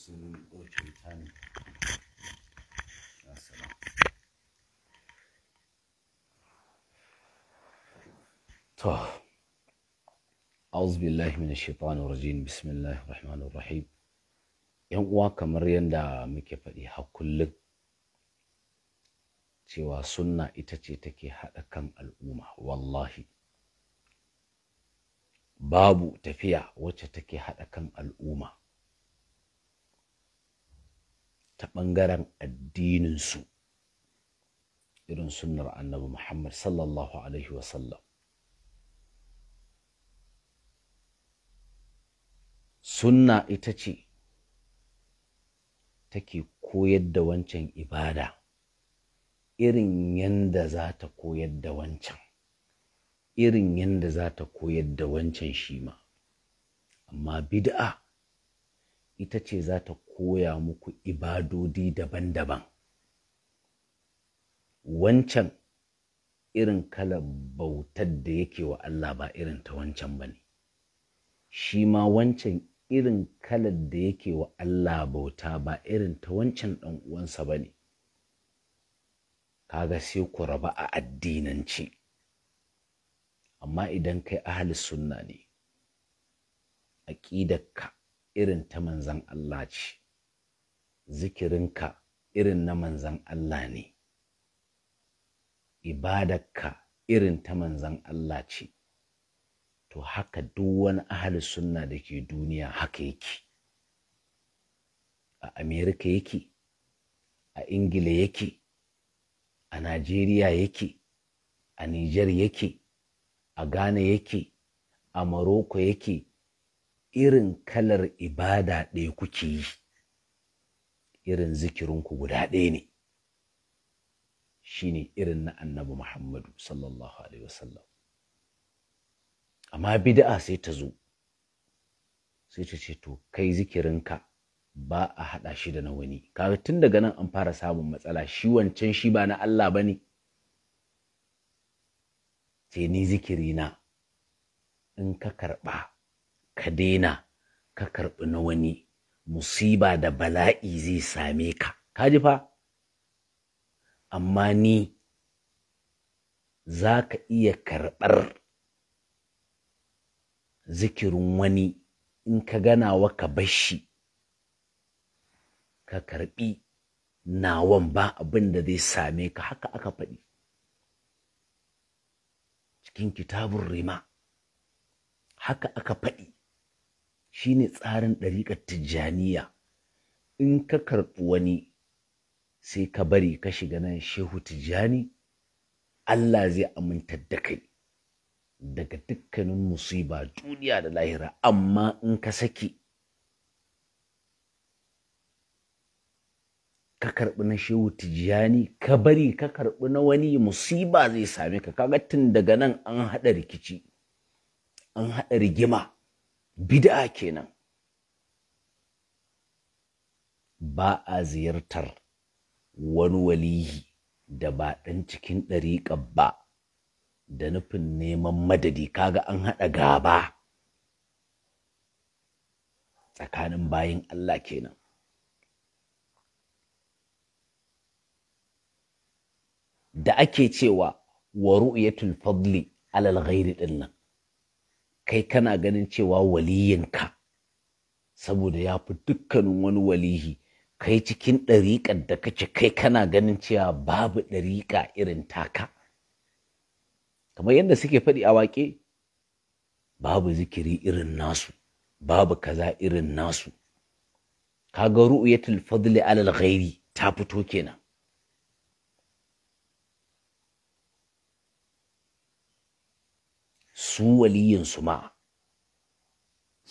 سنين او شيطان يا سلام طه اعوذ بالله من الشيطان الرجيم بسم الله الرحمن الرحيم ان هو كمر يندا مكي فدي حكلك cewa sunna ita ce take hada kan al'umma wallahi babu tafiya wacce take hada kan al'umma ta ɓangaren addininsu irin sunnar annabi Muhammad sallallahu Alaihi wasallam. Sunna ita ce take koyar da wancan ibada irin yanda za ta koyar da wancan, irin yanda za ta koyar da wancan shi ma. Amma bid'a ita ce za ta koya muku ibadodi daban-daban wancan irin kalar bautar da yake wa Allah ba irin ta wancan ba ne shi ma wancan irin kalar da yake wa Allah bauta ba irin ta wancan ɗan uwansa ba ne kaga sai ku raba a addinanci amma idan kai ahli sunna ne aƙidarka irin ta manzan Allah ce zikirinka irin na manzan Allah ne, ibadarka irin ta manzan Allah ce, to haka duk wani ahli sunna da ke duniya haka yake. A Amerika yake, a Ingila yake, a Najeriya yake, a Nijar yake, a Ghana yake, a Maroko yake, irin kalar ibada ɗaya kuke yi. irin zikirinku guda ɗaya ne shine irin na annabi Muhammadu sallallahu alaihi wasallam amma bid'a sai ta zo sai ta ce to kai zikirinka ba a haɗa shi da na wani kaga tun daga nan an fara samun matsala shi wancan shi ba na Allah ba ne sai ni na in ka karɓa ka daina ka karɓi na wani musiba da bala'i zai same ka ka ji fa amma ni za ka iya karɓar zikirin wani in ka gana wa ka bashi ka karɓi nawan ba abin da zai same ka haka aka faɗi cikin kitabun rima haka aka faɗi shine tsarin ɗariƙar tijjaniya in ka karɓi wani sai ka bari ka shiga nan shehu tijjani Allah zai aminta da kai daga dukkanin musiba duniya da lahira amma in ka saki ka karɓi na shehu tijjani ka bari ka karɓi na wani musiba zai same ka kaga tun daga nan an haɗa rikici an haɗa rigima bid'a kenan ba a ziyartar wani walihi da ba ɗan cikin ɗariƙar ba da nufin neman madadi kaga an haɗa gaba tsakanin bayin Allah kenan da ake cewa wa ru'yatul fadli alal ghairi nan kai kana ganin cewa waliyinka saboda ya fi dukkanin wani walihi kai cikin ɗariƙar da kake kai kana ganin cewa babu ɗariƙa irin taka kamar yadda suke faɗi a waƙe babu zikiri irin nasu babu kaza irin nasu kaga ru'yatul fadli alal ghairi ta fito kenan su su ma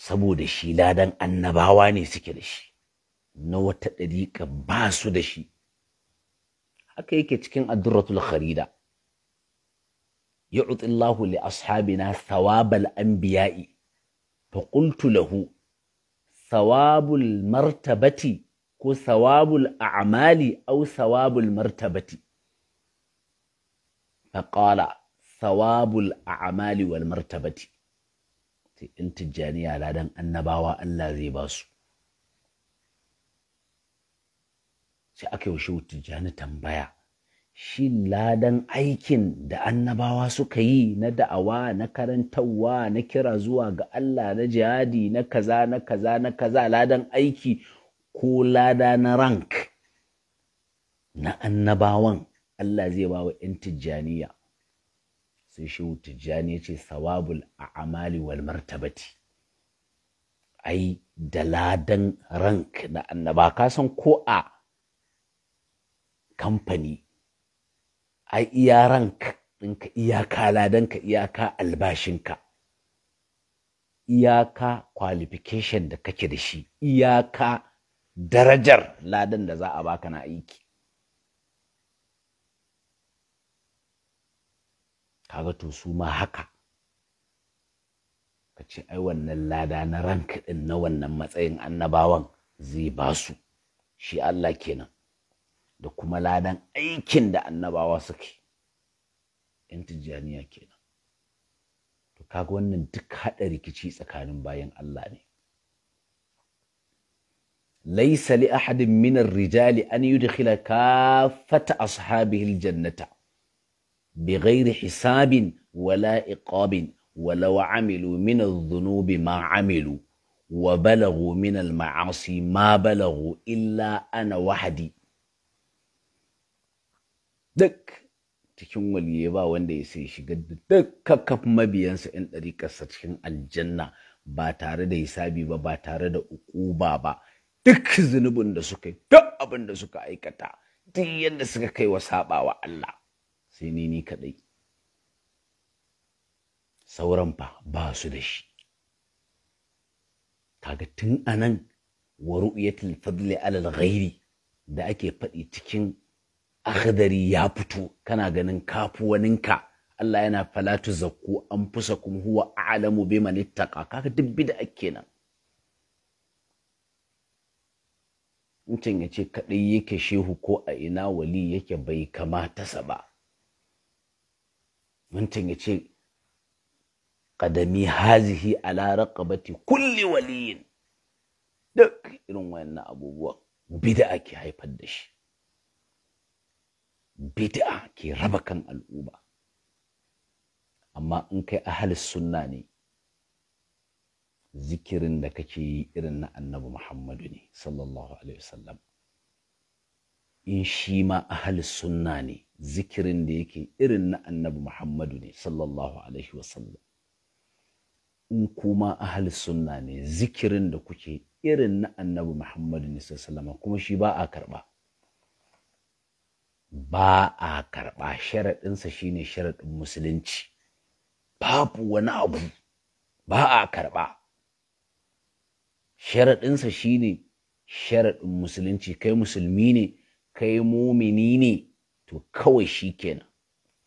saboda shi ladan annabawa ne suke da shi na wata ɗariƙa ba su da shi haka yake cikin addurratul kharida يعطي الله لأصحابنا ثواب الأنبياء فقلت له ثواب المرتبة كو ثواب الأعمال أو ثواب المرتبة فقال thawabul a'mali wal martabati sai in tijjaniya ladan annabawa Allah zai ba su sai aka yi shi tijjani tambaya shin ladan aikin da annabawa suka yi na da'awa na karantarwa na kira zuwa ga Allah na jihadi na kaza na kaza na kaza ladan aiki ko lada na rank na annabawan Allah zai ba wa 'yan tijjaniya sai shehu tijjani ya ce sawabul a Amali wal martabati ai da ladan rank na annaba ka san ko a kamfani ai iya rank ɗinka iyaka ladanka iyaka albashinka iyaka qualification da kake da shi iyaka darajar ladan da za a baka na aiki kaga to su ma haka ka ce ai wannan lada na rank ɗin na wannan matsayin annabawan zai ba su shi Allah kenan da kuma ladan aikin da annabawa suke yan tijjaniya kenan to kaga wannan duk haɗa rikici tsakanin bayan Allah ne laysa li ahadin minar rijali an yudkhila kaffata ashabihi aljannata بغير حساب ولا إقاب ولو عملوا من الذنوب ما عملوا وبلغوا من المعاصي ما بلغوا إلا أنا وحدي دك cikin waliye ba wanda ya sai shiga dukkan mabiyansa in ɗarikarsa cikin aljanna ba tare da hisabi ba ba tare da ukuba ba duk zunubin da suka yi duk abin da suka aikata duk yadda suka kai wa saɓawa Allah sai ni ni kaɗai sauran fa ba su da shi kaga tun anan wa ru'yatul fadli alal ghairi da ake faɗi cikin akhdari ya fito kana ganin kafuwaninka. Allah yana falatu zakku an fusa kuma huwa a'lamu biman ittaqa kaga duk bid'a nan. mutum ya ce kaɗai yake shehu ko a ina wali yake bai kamata sa ba wancan ya ce ƙadami hazihi ala raqabati kulli waliyin duk irin wayannan abubuwan bid'a ke haifar da shi bid'a ke raba kan al'umma amma in kai ahalis sunna ne zikirin da kake yi irin na annabi muhammadu ne sallallahu alaihi wasallam in shi ma ahalis sunna ne zikirin da yake irin na annabi Muhammadu ne sallallahu alaihi wasallam in kuma ahli sunna ne zikirin da kuke irin na annabi Muhammadu ne sallallahu kuma shi ba a karba ba a karba sharaɗinsa shi ne sharaɗin musulunci babu wani abu ba a karba sharaɗinsa shi ne sharaɗin musulunci kai musulmi ne kai mumini ne to kawai shi kenan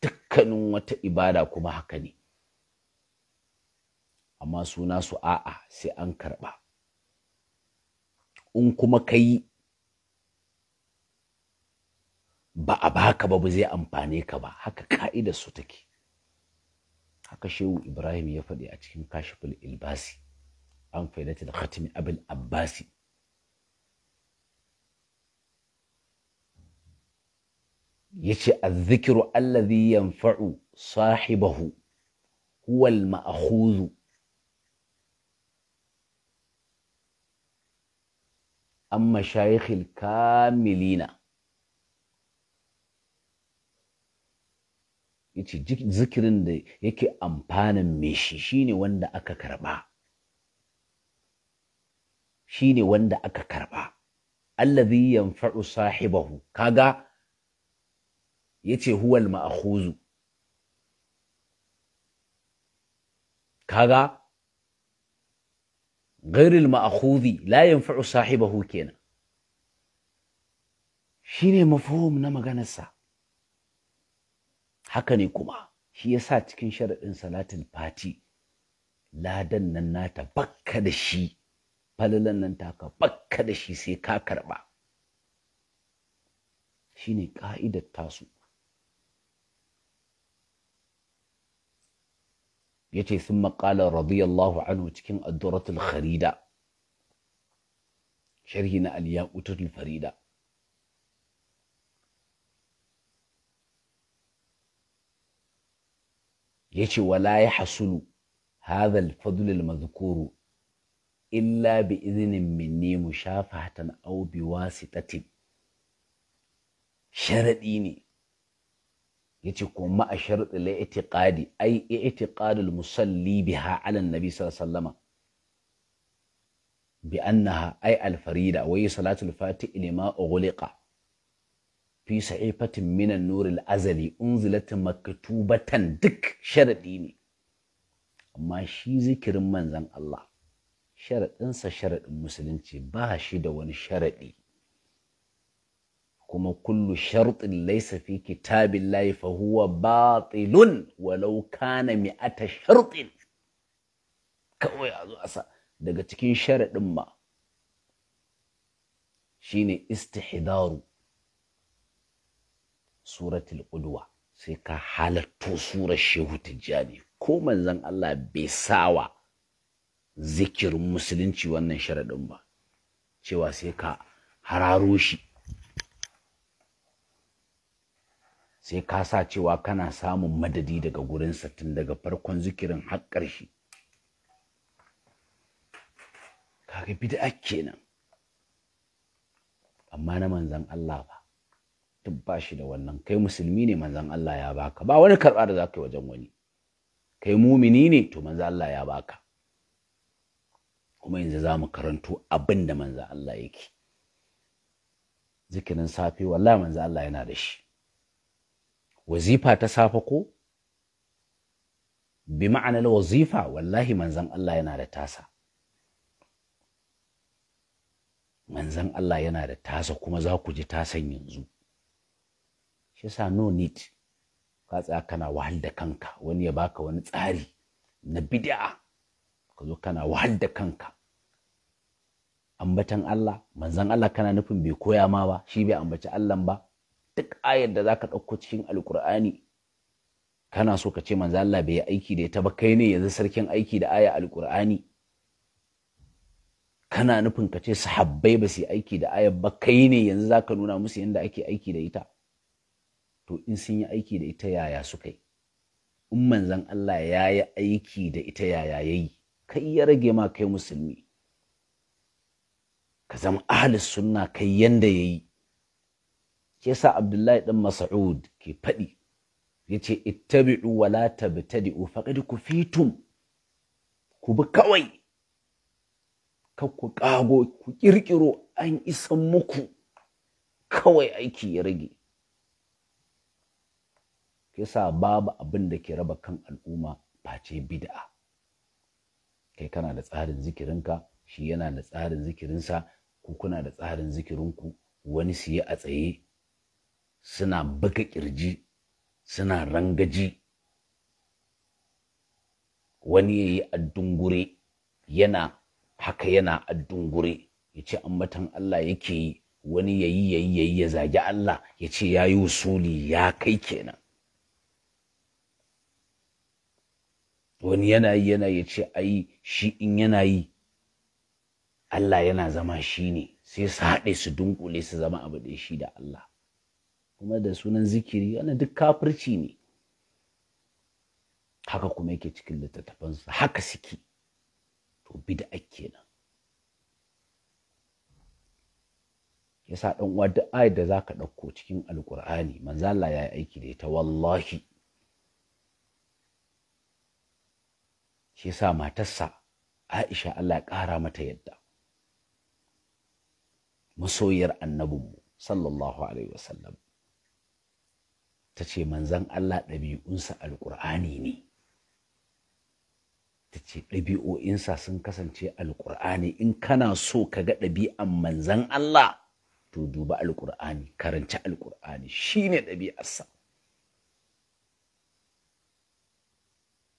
dukkanin wata ibada kuma haka ne amma suna su a'a sai an karɓa in kuma ka yi ba a baka ba ba zai amfane ka ba haka ka'ida su take haka shehu ibrahim ya faɗi a cikin kashiful ilbasi an faidata da khatimi abul abbasi yace az-zikru allazi yanfa'u sahibahu huwa al-ma'khudh amma shayikhil kamilina yace zikirin da yake amfanin me shi shine wanda aka karba shine wanda aka karba allazi yanfa'u sahibahu kaga yace huwal ma'khuzu kaga غير المأخوذ لا ينفع صاحبه كينا shine mafhum na maganarsa haka ne kuma shi yasa cikin sharaɗin salatin fati ladan nan nata bakka da shi falalan nan taka bakka da shi sai ka karɓa shine ƙa'idar tasu Yace sun maƙalar radiyallahu anhu cikin adduratul Farida, sharhi na aliyakutul farida ya ce wala ya hasulu هذا الفضل المذكور إلا بإذن مني مشافهة أو بواسطة شرطيني yace ko kuma a sharɗi la itiqadi ai itiqadul musalli biha ala nabi sallallahu bi annaha ai alfarida wa yi salatul fati lima ughliqa fi sa'ifatin min an-nur al-azali unzilat maktubatan duk sharadi ne amma shi zikirin manzon Allah sharaɗinsa sharadin musulunci ba shi da wani sharadi kuma kullu sharɗin laisafi, fi kitabillahi fa huwa batilun walau kana mi'ata shartin kawai a zo a daga cikin sharaɗin ma shine istihdaru suratul qudwa sai ka halatto surar shehu tijjani ko manzon Allah bai sawa zikirin musulunci wannan sharaɗin ba cewa sai ka hararo shi sai ka sa cewa kana samun madadi daga gurinsa tun daga farkon zikirin har ƙarshe kaga bid'a kenan amma na manzan Allah ba duk ba shi da wannan kai musulmi ne manzan Allah ya baka ba wani karɓa da za ka yi wajen wani kai mumini ne to manzan Allah ya baka kuma yanzu za mu karanto abin da manzan Allah yake zikirin safe wallahi manzan Allah yana da shi wazifa ta safe ko bi ma'anar wazifa wallahi manzan Allah yana da tasa manzan Allah yana da tasa kuma za ku ji tasan yanzu shi sa no need ka tsaya kana wahal da kanka wani ya baka wani tsari na bid'a ka zo kana wahal da kanka ambatan Allah manzan Allah kana nufin bai koya ma ba shi bai ambaci Allah ba duk ayar da zaka ɗauko cikin alkur'ani kana so ka ce manzo Allah bai yi aiki da ita ba kai ne yanzu sarkin aiki da aya alkur'ani kana nufin ka ce sahabbai ba su yi aiki da aya ba kai ne yanzu zaka nuna musu yadda ake aiki da ita to in sun yi aiki da ita yaya suka yi in manzon Allah ya yi aiki da ita yaya yayi kai ya rage ma kai musulmi ka zama ahlus sunna kai yanda yayi shi yasa Abdullahi ɗan Mas'ud ke faɗi yace ittabi'u wa la tabtadi'u faqad kufitum ku bi kawai ka ku kago ku kirkiro an isan muku kawai aiki ya rage yasa babu abin da ke raba kan al'umma face bid'a kai kana da tsarin zikirinka shi yana da tsarin zikirinsa ku kuna da tsarin zikirinku wani siye a tsaye suna baka kirji suna rangaji wani ya yi addungure yana haka yana addungure ya ce ambatan Allah yake yi wani ya yi ya yi ya zagi Allah ya ce ya yi usuli ya kai kenan wani yana yi yana ya ce ai shi in yana yi Allah yana zama shi ne sai su haɗe su dunkule su zama abu da shi da Allah kuma da sunan zikiri wannan duk kafirci ne haka kuma yake cikin littattafansu haka suke to bid'a kenan yasa dan uwa duk ayat da zaka ɗauko cikin alqur'ani Manzala Allah yi aiki da ita wallahi shi yasa matarsa Aisha Allah ya ƙara mata yadda masoyar annabinmu sallallahu alaihi wasallam ta ce manzan Allah ɗabi'unsa alƙur'ani ne ta ce ɗabi'o'insa sun kasance alƙur'ani in kana so ka ga ɗabi'an manzan Allah to duba alƙur'ani karanci alƙur'ani shi ne ɗabi'arsa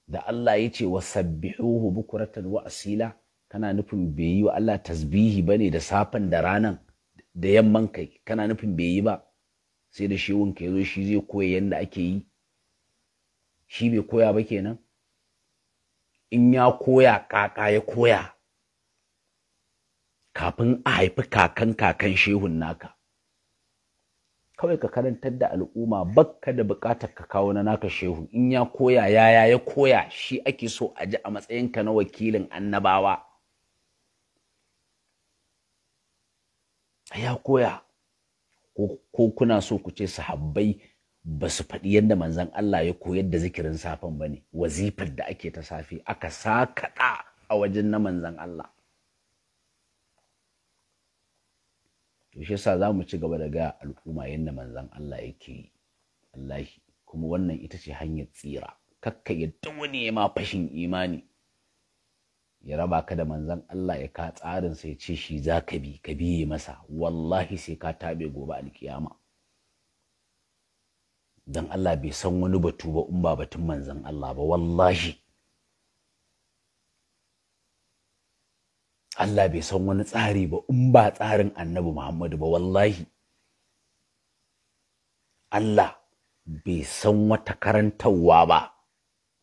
da Allah ya ce wa wasabbihuhu bukuratan wa asila kana nufin bai yi wa Allah tasbihi bane da safan da ranan da yamman kai kana nufin bai yi ba sai da wanka ya zo shi zai koya yadda ake yi shi bai koya ba kenan in ya koya kaka ya koya kafin a haifi kakan kakan shehun naka kawai ka karantar da al'umma bakka da bukatar ka kawo na naka shehu in ya koya yaya ya koya shi ake so a ji a matsayinka na wakilin annabawa ya koya ko kuna so ku ce sahabbai ba su faɗi yadda Manzan Allah ya koyar da zikirin safen ba ne wazifar da ake ta safe aka sakaɗa a wajen na Manzan Allah to shi yasa za mu ci gaba da ga al'umma yadda Manzan Allah yake yi wallahi kuma wannan ita ce hanyar tsira kakka yadda wani ya ma fashin imani ya raba ka da manzan Allah ya ka tsarin sai ce shi za ka bi ka biye masa wallahi sai ka tabe gobe alkiyama dan Allah bai san wani batu ba in ba batun manzan Allah ba wallahi Allah bai san wani tsari ba in ba tsarin annabi Muhammadu ba wallahi Allah bai san wata karantarwa ba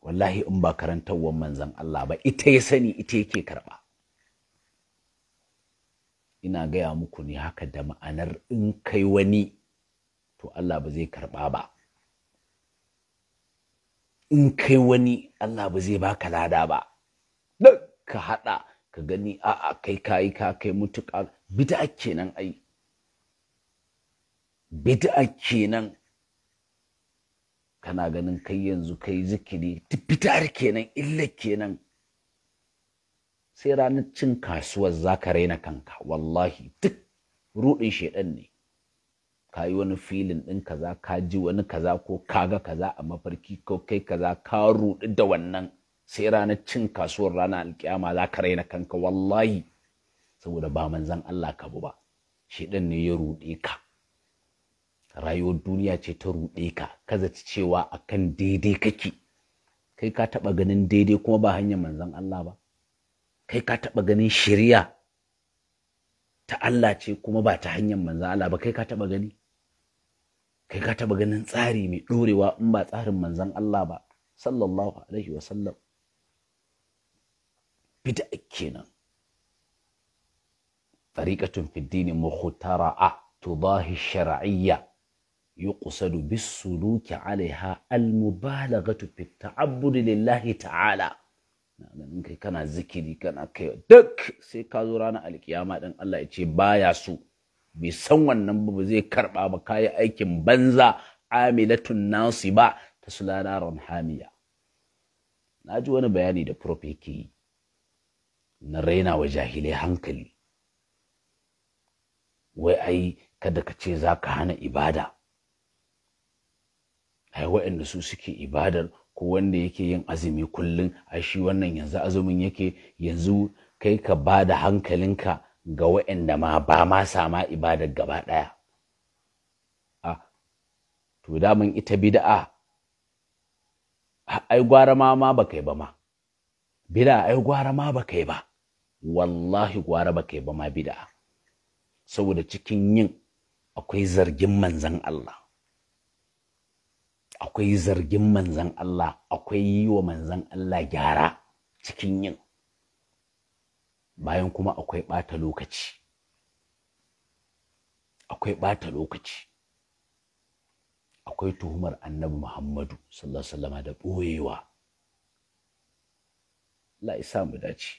wallahi in ba karantarwar manzan Allah ba ita ya sani ita yake karɓa ina gaya muku ne haka da ma'anar in kai wani to Allah ba zai karɓa ba in kai wani Allah ba zai baka lada ba duk ka haɗa ka gani a'a kai kayi ka kai mutuƙa bid'a kenan ai bid'a kenan kana ganin kai yanzu kai zikiri fitar kenan illa kenan sai ranar cin kasuwar za ka raina kanka wallahi duk ruɗin shaidan ne ka yi wani filin ɗin kaza ka ji wani kaza ko kaga kaza a mafarki ko kai kaza ka ruɗu da wannan sai ranar cin kasuwar ranar alkiyama za ka raina kanka wallahi saboda ba manzan Allah ka bu ba shaidan ne ya ruɗe ka rayuwar duniya ce ta ruɗe ka Ka kaza cewa akan daidai kake kai ka taɓa ganin daidai kuma ba hanyar manzan Allah ba kai ka taɓa ganin shirya ta Allah ce kuma ba ta hanyar manzan Allah ba kai ka taɓa gani kai ka taɓa ganin tsari mai ɗorewa in ba tsarin manzan Allah ba sallallahu alaihi wasallam bid'a kenan طريقة في الدين مخترعة تضاهي shara'iyya yuqsadu bis suluki alaiha al mubalaghatu fi ta'abbud lillahi ta'ala ganin kai kana zikiri kana kai duk sai ka zo ranar alkiyama dan Allah ya ce baya so bai san wannan ba ba zai karɓa ba kayi aikin banza amilatun nasi ba ta sulana hamiya na ji wani bayani da prof yake yi na raina wa jahilai hankali wai ai kada ka ce za ka hana ibada ai waɗanda su suke ibadar ko wanda yake yin azumi kullum ai shi wannan yanzu azumin yake yanzu kai ka ba da hankalinka ga waɗanda ma ba ma sama ibadar gaba ɗaya a ah, to daman ita bida'a ai gwara ma ma ba kai ba ma bid'a ai gwara ma ba kai ba wallahi gwara ba kai ba ma bida'a saboda cikin yin akwai zargin manzan Allah akwai zargin manzan Allah akwai yi wa manzan Allah gyara cikin yin bayan kuma akwai ɓata lokaci akwai ɓata lokaci akwai tuhumar annabi Muhammadu sallallahu alaihi da ɓoyewa Allah ya dace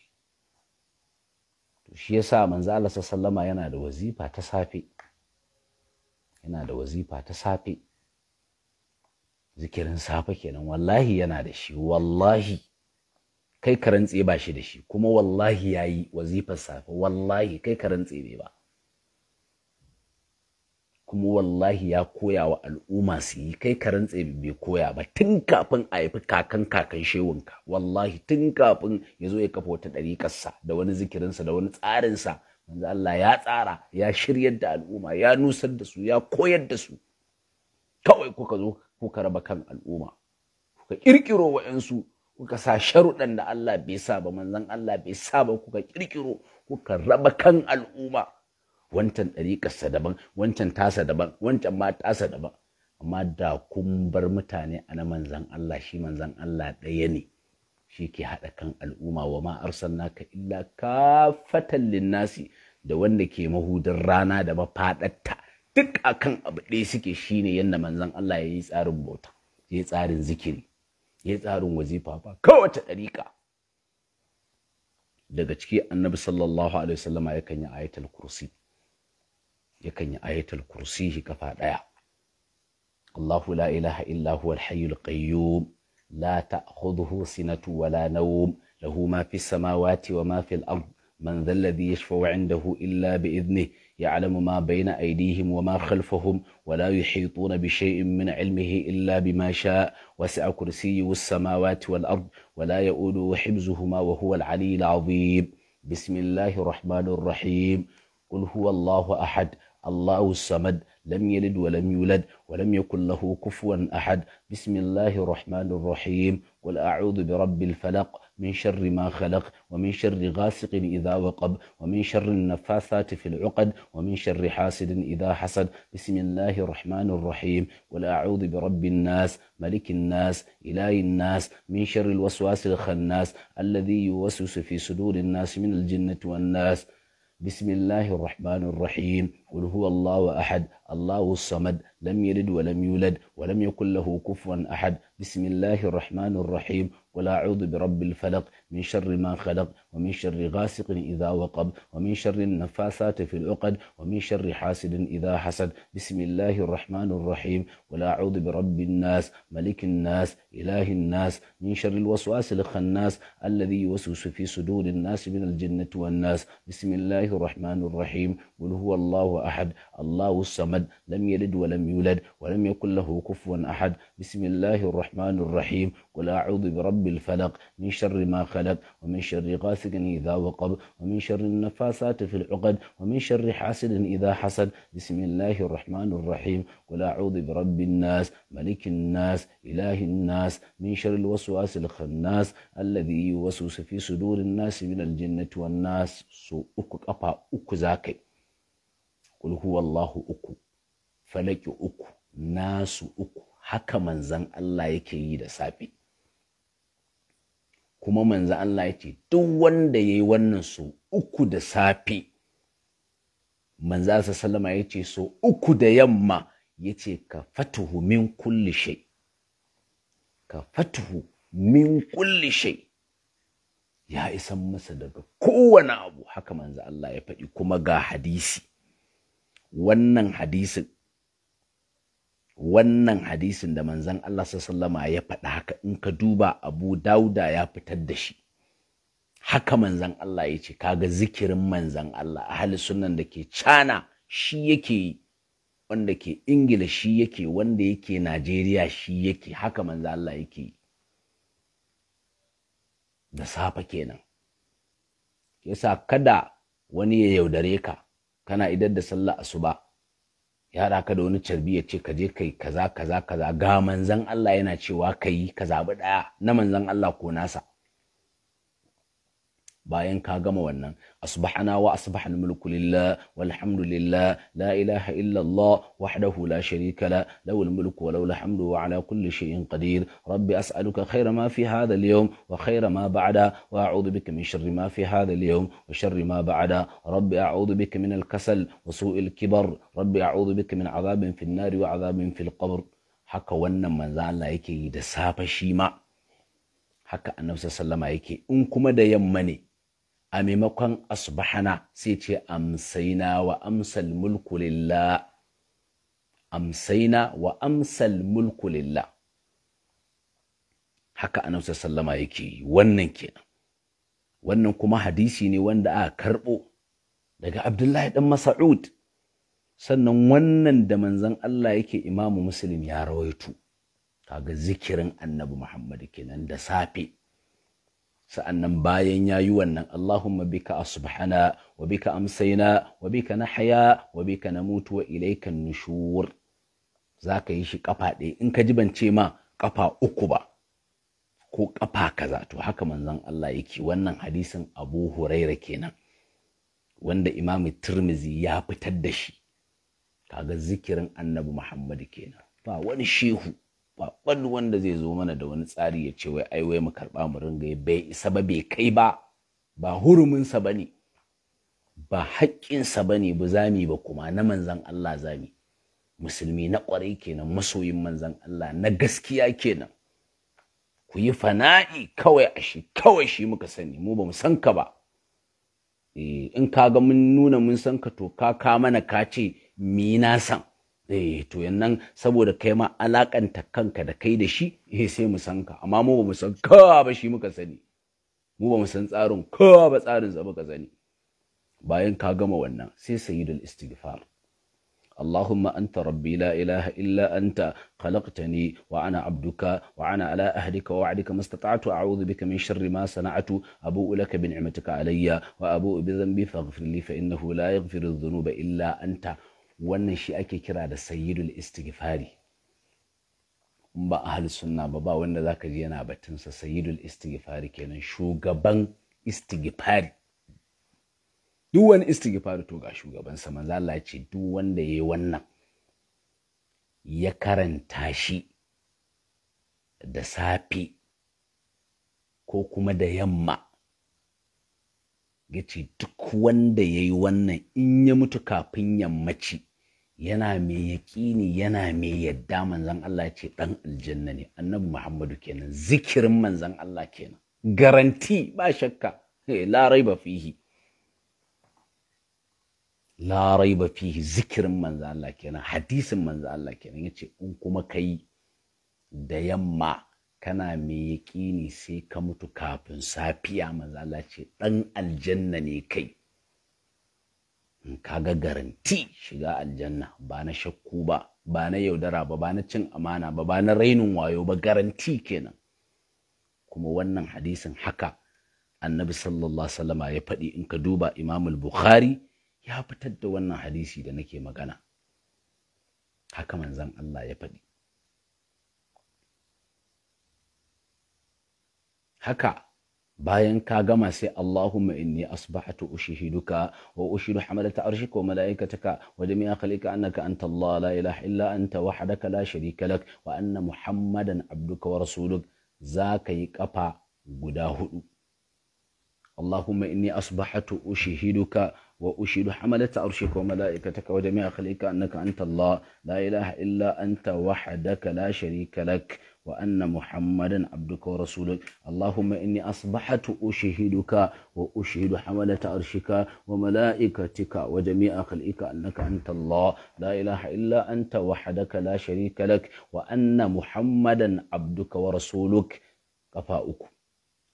to shi yasa manzo Allah sallama yana da wazifa ta safe yana da wazifa ta safe zikirin safe kenan wallahi yana da shi wallahi kai ka rantse ba shi da shi kuma wallahi ya yi wazifar safe wallahi kai ka rantse bai ba kuma wallahi ya koya wa al'umma su yi kai ka rantse bai koya ba tun kafin a haifi kakan kakan shewunka wallahi tun kafin ya zo ya kafa wata ɗariƙarsa da wani zikirinsa da wani tsarinsa manzo Allah ya tsara ya shiryar da al'umma ya nusar da su ya koyar da su kawai kuka zo kuka raba kan al'umma kuka kirkiro wa'yansu kuka sa sharuɗan da Allah bai sa ba manzon Allah bai sa ba kuka kirkiro kuka raba kan al'umma wancan ɗariƙarsa daban wancan tasa daban wancan ma tasa daban amma da kun bar mutane a na manzan Allah shi manzan Allah ɗaya ne shi ke haɗa kan al'umma wa ma ka illa kafatan linnasi da wanda ke mahudin rana da mafaɗatta duk akan abu ɗaya suke shine yadda manzon Allah ya yi tsarin bauta ya yi tsarin zikiri ya yi tsarin wazifa ba kowace ɗariƙa daga ciki annabi sallallahu alaihi wasallama yakan yi ayatul kursi yi ayatul kursi kafa ɗaya Allahu la ilaha illa huwal hayyul qayyum la ta'khudhuhu sinatu wala nawm lahu ma fis samawati wa ma fil ard man dhal ladhi yashfa'u 'indahu illa bi idnihi يعلم ما بين أيديهم وما خلفهم ولا يحيطون بشيء من علمه إلا بما شاء وسع كرسيه السماوات والأرض ولا يؤول حبزهما وهو العلي العظيم بسم الله الرحمن الرحيم قل هو الله أحد الله الصمد لم يلد ولم يولد ولم يكن له كفوا أحد بسم الله الرحمن الرحيم قل أعوذ برب الفلق من شر ما خلق ومن شر غاسق إذا وقب ومن شر النفاثات في العقد ومن شر حاسد إذا حسد بسم الله الرحمن الرحيم قل أعوذ برب الناس ملك الناس إله الناس من شر الوسواس الخناس الذي يوسوس في صدور الناس من الجنة والناس بسم الله الرحمن الرحيم قل هو الله أحد الله الصمد لم يلد ولم يولد ولم يكن له كفوا أحد بسم الله الرحمن الرحيم ولا أعوذ برب الفلق من شر ما خلق ومن شر غاسق إذا وقب ومن شر النفاثات في العقد ومن شر حاسد إذا حسد بسم الله الرحمن الرحيم ولا أعوذ برب الناس ملك الناس إله الناس من شر الوسواس الخناس الذي يوسوس في صدور الناس من الجنة والناس بسم الله الرحمن الرحيم قل هو الله أحد الله الصمد لم يلد ولم يولد ولم يكن له كفوا أحد بسم الله الرحمن الرحيم قل أعوذ برب الفلق من شر ما خلق ومن شر غاسق غاسق إذا وقب ومن شر النفاسات في العقد ومن شر حاسد إذا حسد بسم الله الرحمن الرحيم قل أعوذ برب الناس ملك الناس إله الناس من شر الوسواس الخناس الذي يوسوس في صدور الناس من الجنة والناس سو أكو أبا أكو زاكي قل هو الله أكو فلك أكو nasu uku haka manzan Allah yake yi da safe kuma manzo Allah ya ce duk wanda ya yi wannan so uku da safe manzo sa sallama ya ce so uku da yamma ya ce ka fatuhu min kulli shay ka fatuhu min kulli shay ya isan masa daga kowane abu haka manzo Allah ya faɗi kuma ga hadisi wannan hadisin wannan hadisin da manzan Allah sallama ya faɗa haka in ka duba abu dauda ya fitar da shi haka manzan Allah ya ce kaga zikirin manzan Allah a hali sunan da ke cana shi yake yi wanda ke ingila shi yake wanda yake najeriya shi yake haka manzan Allah yake yi da safa kenan yasa kada wani ya yaudare ka kana idar da sallah asuba ya haɗa ka da wani carbi ya ce ka je kai kaza kaza kaza ga manzan Allah yana cewa ka yi ka zaɓi ɗaya na manzan Allah ko nasa bayan ka gama wannan asbahana wa asbaha mulku lillah walhamdulillah la ilaha illa Allah wahdahu la sharika la lahu mulku wa lahu alhamdu wa ala kulli shay'in qadir rabbi as'aluka khayra ma fi hadha al-yawm wa khayra ma ba'da wa a'udhu bika min sharri ma fi hadha al-yawm wa sharri ma ba'da rabbi a'udhu bika min al-kasal wa su'i al-kibar rabbi a'udhu bika min 'adhabin fi an-nar wa 'adhabin fi al-qabr haka wannan manzo Allah yake yi da safa shi ma haka annabi sallama yake in kuma da yamma ne a maimakon asbahana sai ce amsaina wa amsal mulku lillah amsaina wa amsal mulku lillah haka annabi sallama yake wannan kenan wannan kuma hadisi ne wanda aka karbo daga Abdullahi dan Mas'ud sannan wannan da manzon Allah yake Imamu Muslim ya rawaito kaga zikirin Annabi Muhammad kenan da safe sa'annan bayan ya yi wannan Allahumma bika subhana wa bika amsaina wa bika haya. wa bika mutuwa. wa ilayka nushur ka yi shi kafa ɗaya in ka ji ban ce ma kafa uku ba ko kafa kaza to haka manzon Allah yake wannan hadisin Abu Huraira kenan wanda Imam Tirmizi ya fitar da shi kaga zikirin Annabi Muhammadu kenan ba wani shehu zaɓaɓɓen wanda zai zo mana da wani tsari ya ce wai ai wai mu karɓa mu ringa bai isa ba bai kai ba ba huruminsa ba ne ba haƙƙinsa ba ne ba zami ba kuma na manzan Allah zami musulmi na ƙwarai kenan masoyin manzan Allah na gaskiya kenan ku yi fana'i kawai a shi kawai shi muka sani mu ba mu san ka ba eh, in ka ga mun nuna mun san ka to ka ka mana ka ce mi na san eh to yannan saboda kai ma alakanta kanka da kai da shi eh sai mu san ka amma mu ba mu san ka ba shi muka sani mu ba mu san tsarin ka ba tsarin sa muka sani bayan ka gama wannan sai sayyidul istighfar اللهم أنت ربي لا إله إلا أنت خلقتني وأنا عبدك وأنا على أهلك ووعدك ما استطعت أعوذ بك من شر ما صنعت أبوء لك بنعمتك علي وأبوء بذنبي فاغفر لي فإنه لا يغفر الذنوب إلا أنت wannan shi ake kira da sayyidul istighfari in ba a sunna ba ba wanda zaka ji yana batunsa sayyidul istighfari kenan shugaban istighfari duk wani istighfari to ga shugaban sa manzo Allah ce duk wanda yayi wannan ya karanta shi da safe ko kuma da yamma ya ce duk wanda ya yi wannan in ya mutu kafin yammaci yana mai yaƙini yana mai yadda manzan Allah ce ɗan aljanna ne annabi Muhammadu kenan zikirin manzan Allah kenan garanti ba shakka larai ba fihi larai ba fihi zikirin manzan Allah kenan hadisin manzan Allah kenan ya ce in kuma kai da yamma kana mai yaƙini sai ka mutu kafin safiya manzala ce ɗan aljanna ne kai in ka ga garanti shiga aljanna ba na shakku ba ba na yaudara ba ba na cin amana ba ba na rainin wayo ba garanti kenan kuma wannan hadisin haka annabi sallallahu sallama ya faɗi in ka duba imamul bukhari ya fitar da wannan hadisi da nake magana haka manzan Allah ya faɗi haka bayan ka gama sai Allahumma inni asbahtu ushihiduka wa ushidu hamalata arshika wa malaikataka wa jami'a annaka anta Allah la ilaha illa anta wahdaka la sharika lak wa anna muhammadan abduka wa rasuluk zaka yi kafa guda hudu Allahumma inni asbahtu ushihiduka wa ushidu hamalata arshika wa malaikataka wa jami'a annaka anta Allah la ilaha illa anta wahdaka la sharika lak وأن محمدا عبدك ورسولك اللهم إني أصبحت أشهدك وأشهد حملة أرشك وملائكتك وجميع خلقك أنك أنت الله لا إله إلا أنت وحدك لا شريك لك وأن محمدا عبدك ورسولك كفاؤك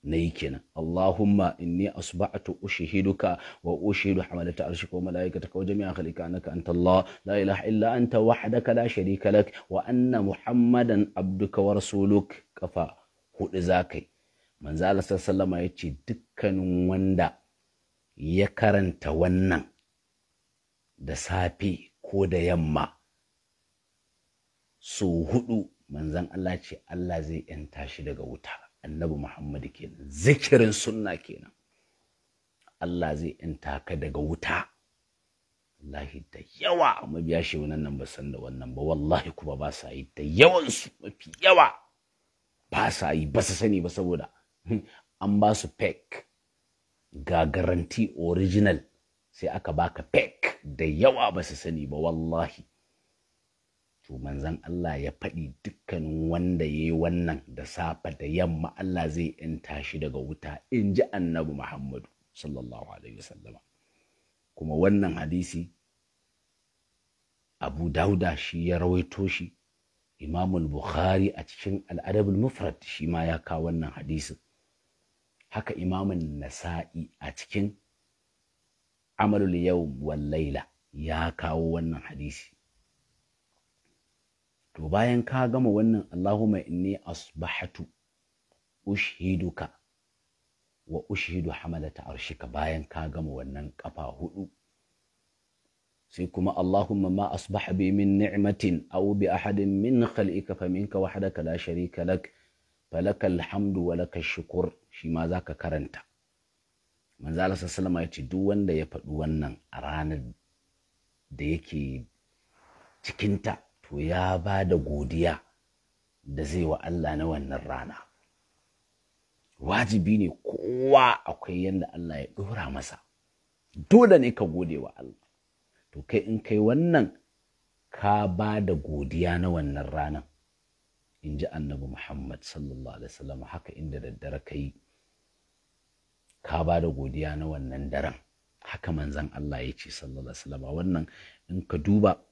na yi kenan Allahumma inni asba'atu ushihiduka wa ushihidu hamalata arshika wa malaikata wa jami'a khalika annaka anta Allah la ilaha illa anta wahdaka la sharika lak wa anna muhammadan abduka wa rasuluk kafa hudu zakai manzo Allah sallallahu alaihi yace dukkanin wanda ya karanta wannan da safe ko da yamma su hudu manzon Allah ce Allah zai yanta shi daga wuta annabi Muhammad kenan zikirin sunna kenan Allah zai inta ka daga wuta wallahi da yawa mabiya shi wannan nan ba san da wannan ba wallahi kuma ba sa yi da yawan su mafi yawa ba sa yi ba su sani ba saboda an ba su fake ga garanti original sai aka baka fake da yawa ba su sani ba wallahi to manzan Allah ya faɗi dukkanin wanda ya yi wannan da safe da yamma Allah zai yanta tashi daga wuta in ji annabi Muhammadu sallallahu alaihi wasallama kuma wannan hadisi abu dauda shi ya rawaito shi imamul bukhari a cikin al'adabul mufrad shi ma ya kawo wannan hadisin haka imamun nasa'i a cikin amalul yau wallaila ya kawo wannan hadisi to bayan ka gama wannan Allahumma inni asbahatu ushiduka wa ushidu hamalata arshika bayan ka gama wannan kafa hudu sai kuma Allahumma ma asbaha bi min ni'matin aw bi ahadin min khalqika fa minka wahdaka la sharika lak falakal hamdu wa lakal shukur shi ma zaka karanta manzo Allah sallallahu ya ce duk wanda ya faɗi wannan a ranar da yake cikinta to ya ba da godiya da zai wa Allah na wannan rana wajibi ne kowa akwai yadda Allah ya ɗora masa dole ne ka gode wa Allah to kai in kai wannan ka ba da godiya na wannan ranar in ji annabi Muhammad sallallahu Alaihi wasallam haka inda daddare ka yi ka ba da godiya na wannan daren haka manzan Allah ya ce sallallahu Alaihi wasallam wannan in ka duba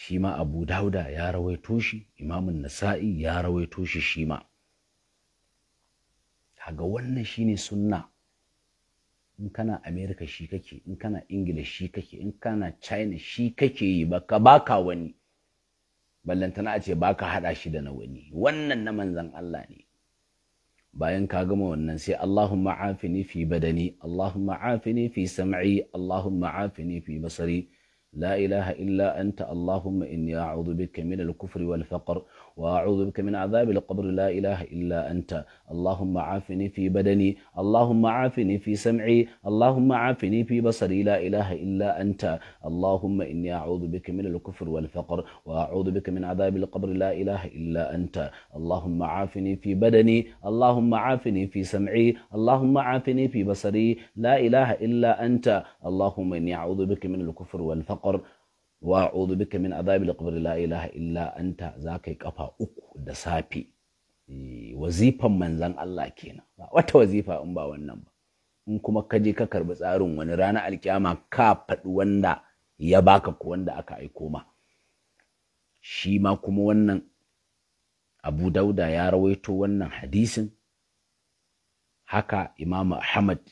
shi ma abu dauda ya rawaito shi imamun nasa'i ya rawaito shi shi ma kaga wannan shine sunna in kana america shi kake in kana ingila shi kake in kana china shi kake yi baka baka wani ballantana a ce baka hada shi da na wani wannan na manzan Allah ne bayan ka gama wannan sai Allahumma afini fi badani Allahumma afini fi sam'i Allahumma afini fi basari لا إله إلا أنت اللهم إني أعوذ بك من الكفر والفقر وأعوذ بك من عذاب القبر لا إله إلا أنت اللهم عافني في بدني اللهم عافني في سمعي اللهم عافني في بصري لا إله إلا أنت اللهم إني أعوذ بك من الكفر والفقر وأعوذ بك من عذاب القبر لا إله إلا أنت اللهم عافني في بدني اللهم عافني في سمعي اللهم عافني في بصري لا إله إلا أنت اللهم إني أعوذ بك من الكفر والفقر al wa a'udhu bika min adhabi al-qabr la ilaha illa anta zakai kafa uku da safe wazifan manzan Allah kenan wata wazifa in ba wannan ba in kuma ka je ka karbi tsarin wani rana alkiyama ka faɗi wanda ya baka ko wanda aka aiko ma shi ma kuma wannan abu dauda ya rawaito wannan hadisin haka Imam ahmad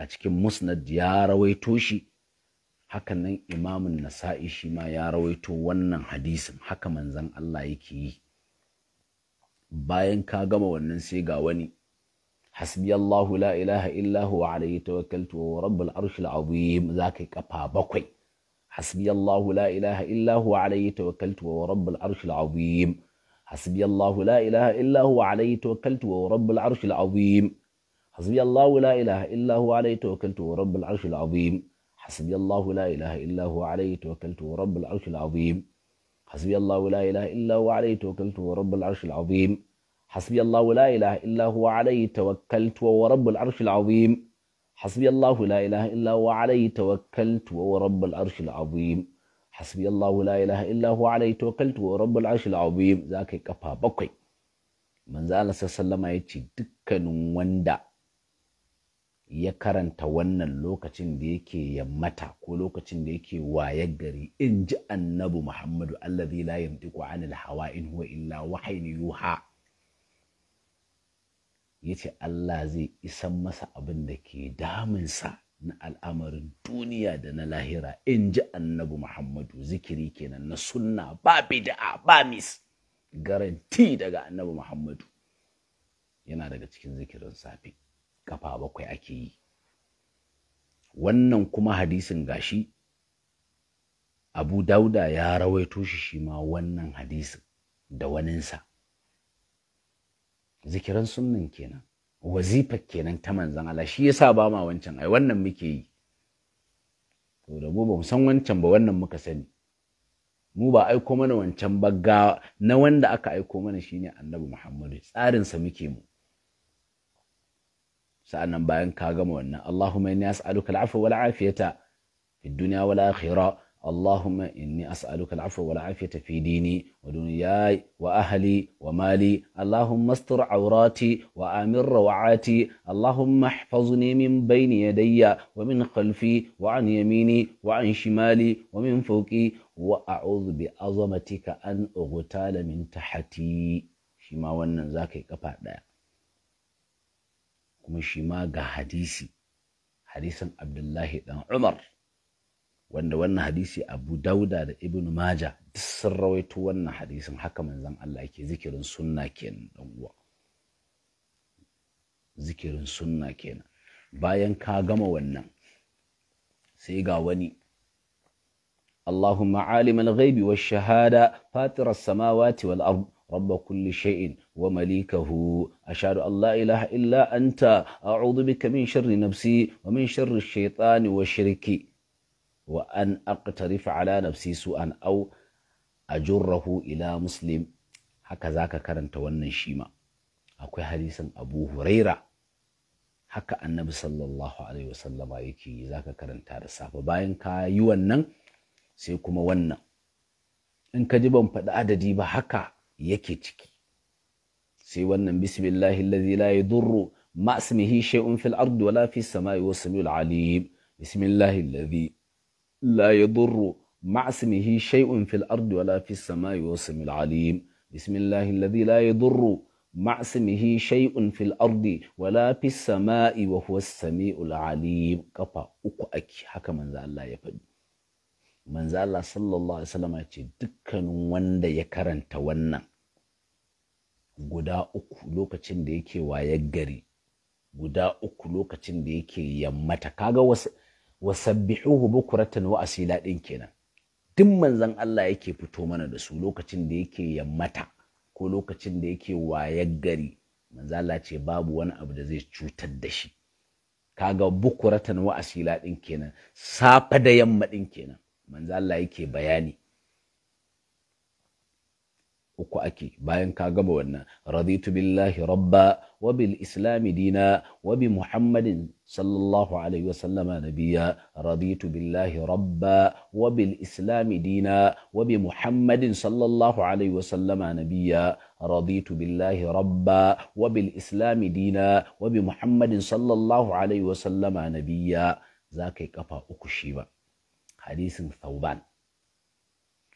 a cikin musnad ya rawaito shi Haka nan imamun nasa'i shi ma ya rawaito wannan hadisin haka manzan Allah yake yi bayan ka gama wannan sai ga wani Hasbiya Allahu la ilaha illa huwa alayhi tawakkaltu wa rabbul arshil azim zakai kafa bakwai Hasbiya Allahu la ilaha illa huwa alayhi tawakkaltu wa rabbul arshil azim Hasbiya Allahu la ilaha illa huwa alayhi tawakkaltu wa rabbul arshil azim Hasbiya Allahu la ilaha illa huwa alayhi tawakkaltu wa rabbul arshil azim حسبي الله لا إله إلا هو عليه توكلت ورب العرش العظيم حسبي الله لا إله إلا هو عليه توكلت ورب العرش العظيم حسبي الله لا إله إلا هو عليه توكلت ورب العرش العظيم حسبي الله لا إله إلا هو عليه توكلت ورب العرش العظيم حسبي الله لا إله إلا هو عليه توكلت ورب العرش العظيم ذاك كفا بقي من زال صلى الله عليه وسلم يتشي دكا وندا ya karanta wannan lokacin da yake yammata ko lokacin da yake wayar gari in ji annabu muhammadu allazi la yamtiku anil hawa in huwa illa wahayin yuha yace Allah zai isan masa abin da ke damunsa na al'amarin duniya da na lahira in ji annabu muhammadu zikiri kenan na sunna ba bid'a ba mis garanti daga annabu muhammadu yana daga cikin zikirin safi kafa bakwai ake yi wannan kuma hadisin gashi abu dauda ya rawaito shi shi ma wannan hadisin da waninsa zikiran sunnan kenan wazifar kenan ta manzan Allah shi yasa ba ma wancan ai wannan muke yi to da mu ba mu san wancan ba wannan muka sani mu ba aiko mana wancan bagga na wanda aka aiko mana shine annabi Muhammadu tsarin sa muke mu sa'annan bayan ka gama wannan Allahumma inni as'aluka al'afwa wal afiyata fid اللهم إني أسألك العفو والعافية في ديني ودنياي وأهلي ومالي اللهم استر عوراتي وآمن روعاتي اللهم احفظني من بين يدي ومن خلفي وعن يميني وعن شمالي ومن فوقي وأعوذ بأظمتك أن أغتال من تحتي شما ونن زاكي كفا kuma shi ma ga hadisi hadisin abdullahi dan umar wanda wannan hadisi abu dauda da ibn maja duk sun rawaito wannan hadisin haka manzon Allah yake zikirin sunna kenan dan uwa zikirin sunna kenan bayan ka gama wannan sai ga wani اللهم عالم الغيب والشهادة فاطر السماوات والأرض رب كل شيء ومليكه أشهد أن لا إله إلا أنت أعوذ بك من شر نفسي ومن شر الشيطان وشركي وأن أقترف على نفسي سوءا أو أجره إلى مسلم هكذا كرن تونا شيما أكو حديثا أبو هريرة هكا النبي صلى الله عليه وسلم يكي ذاك كرن تارسا فباين كا يوانن سيكوما وانا إن كجبا مبدأ عددي بحكا يكيتك سي ونن بسم الله الذي لا يضر ما اسمه شيء في الارض ولا في السماء والسميع العليم بسم الله الذي لا يضر مع اسمه شيء في الارض ولا في السماء والسميع العليم بسم الله الذي لا يضر مع اسمه شيء في الارض ولا في السماء وهو السميع العليم كفا اوكي حكم الله يفدي manzo Allah sallallahu alaihi wasallam ce dukkanin wanda ya karanta wannan guda uku lokacin da yake wayar gari guda uku lokacin da yake yammata kaga wasabbihuhu bukuratan wa asila din kenan duk manzan Allah yake fito mana da su lokacin da yake yammata ko lokacin da yake wayar gari manzo Allah ce babu wani abu da zai cutar da shi kaga bukuratan wa asila din kenan safa da yamma din kenan manzo Allah yake bayani uku ake bayan ka gama wannan raditu billahi rabba wa bil islami dina wa bi muhammadin sallallahu alaihi wa sallama nabiyya raditu billahi rabba wa bil islami dina wa bi muhammadin sallallahu alaihi wa sallama nabiyya raditu billahi rabba wa bil islami dina wa bi muhammadin sallallahu alaihi wa sallama nabiyya zakai kafa uku shi ba hadisin sauban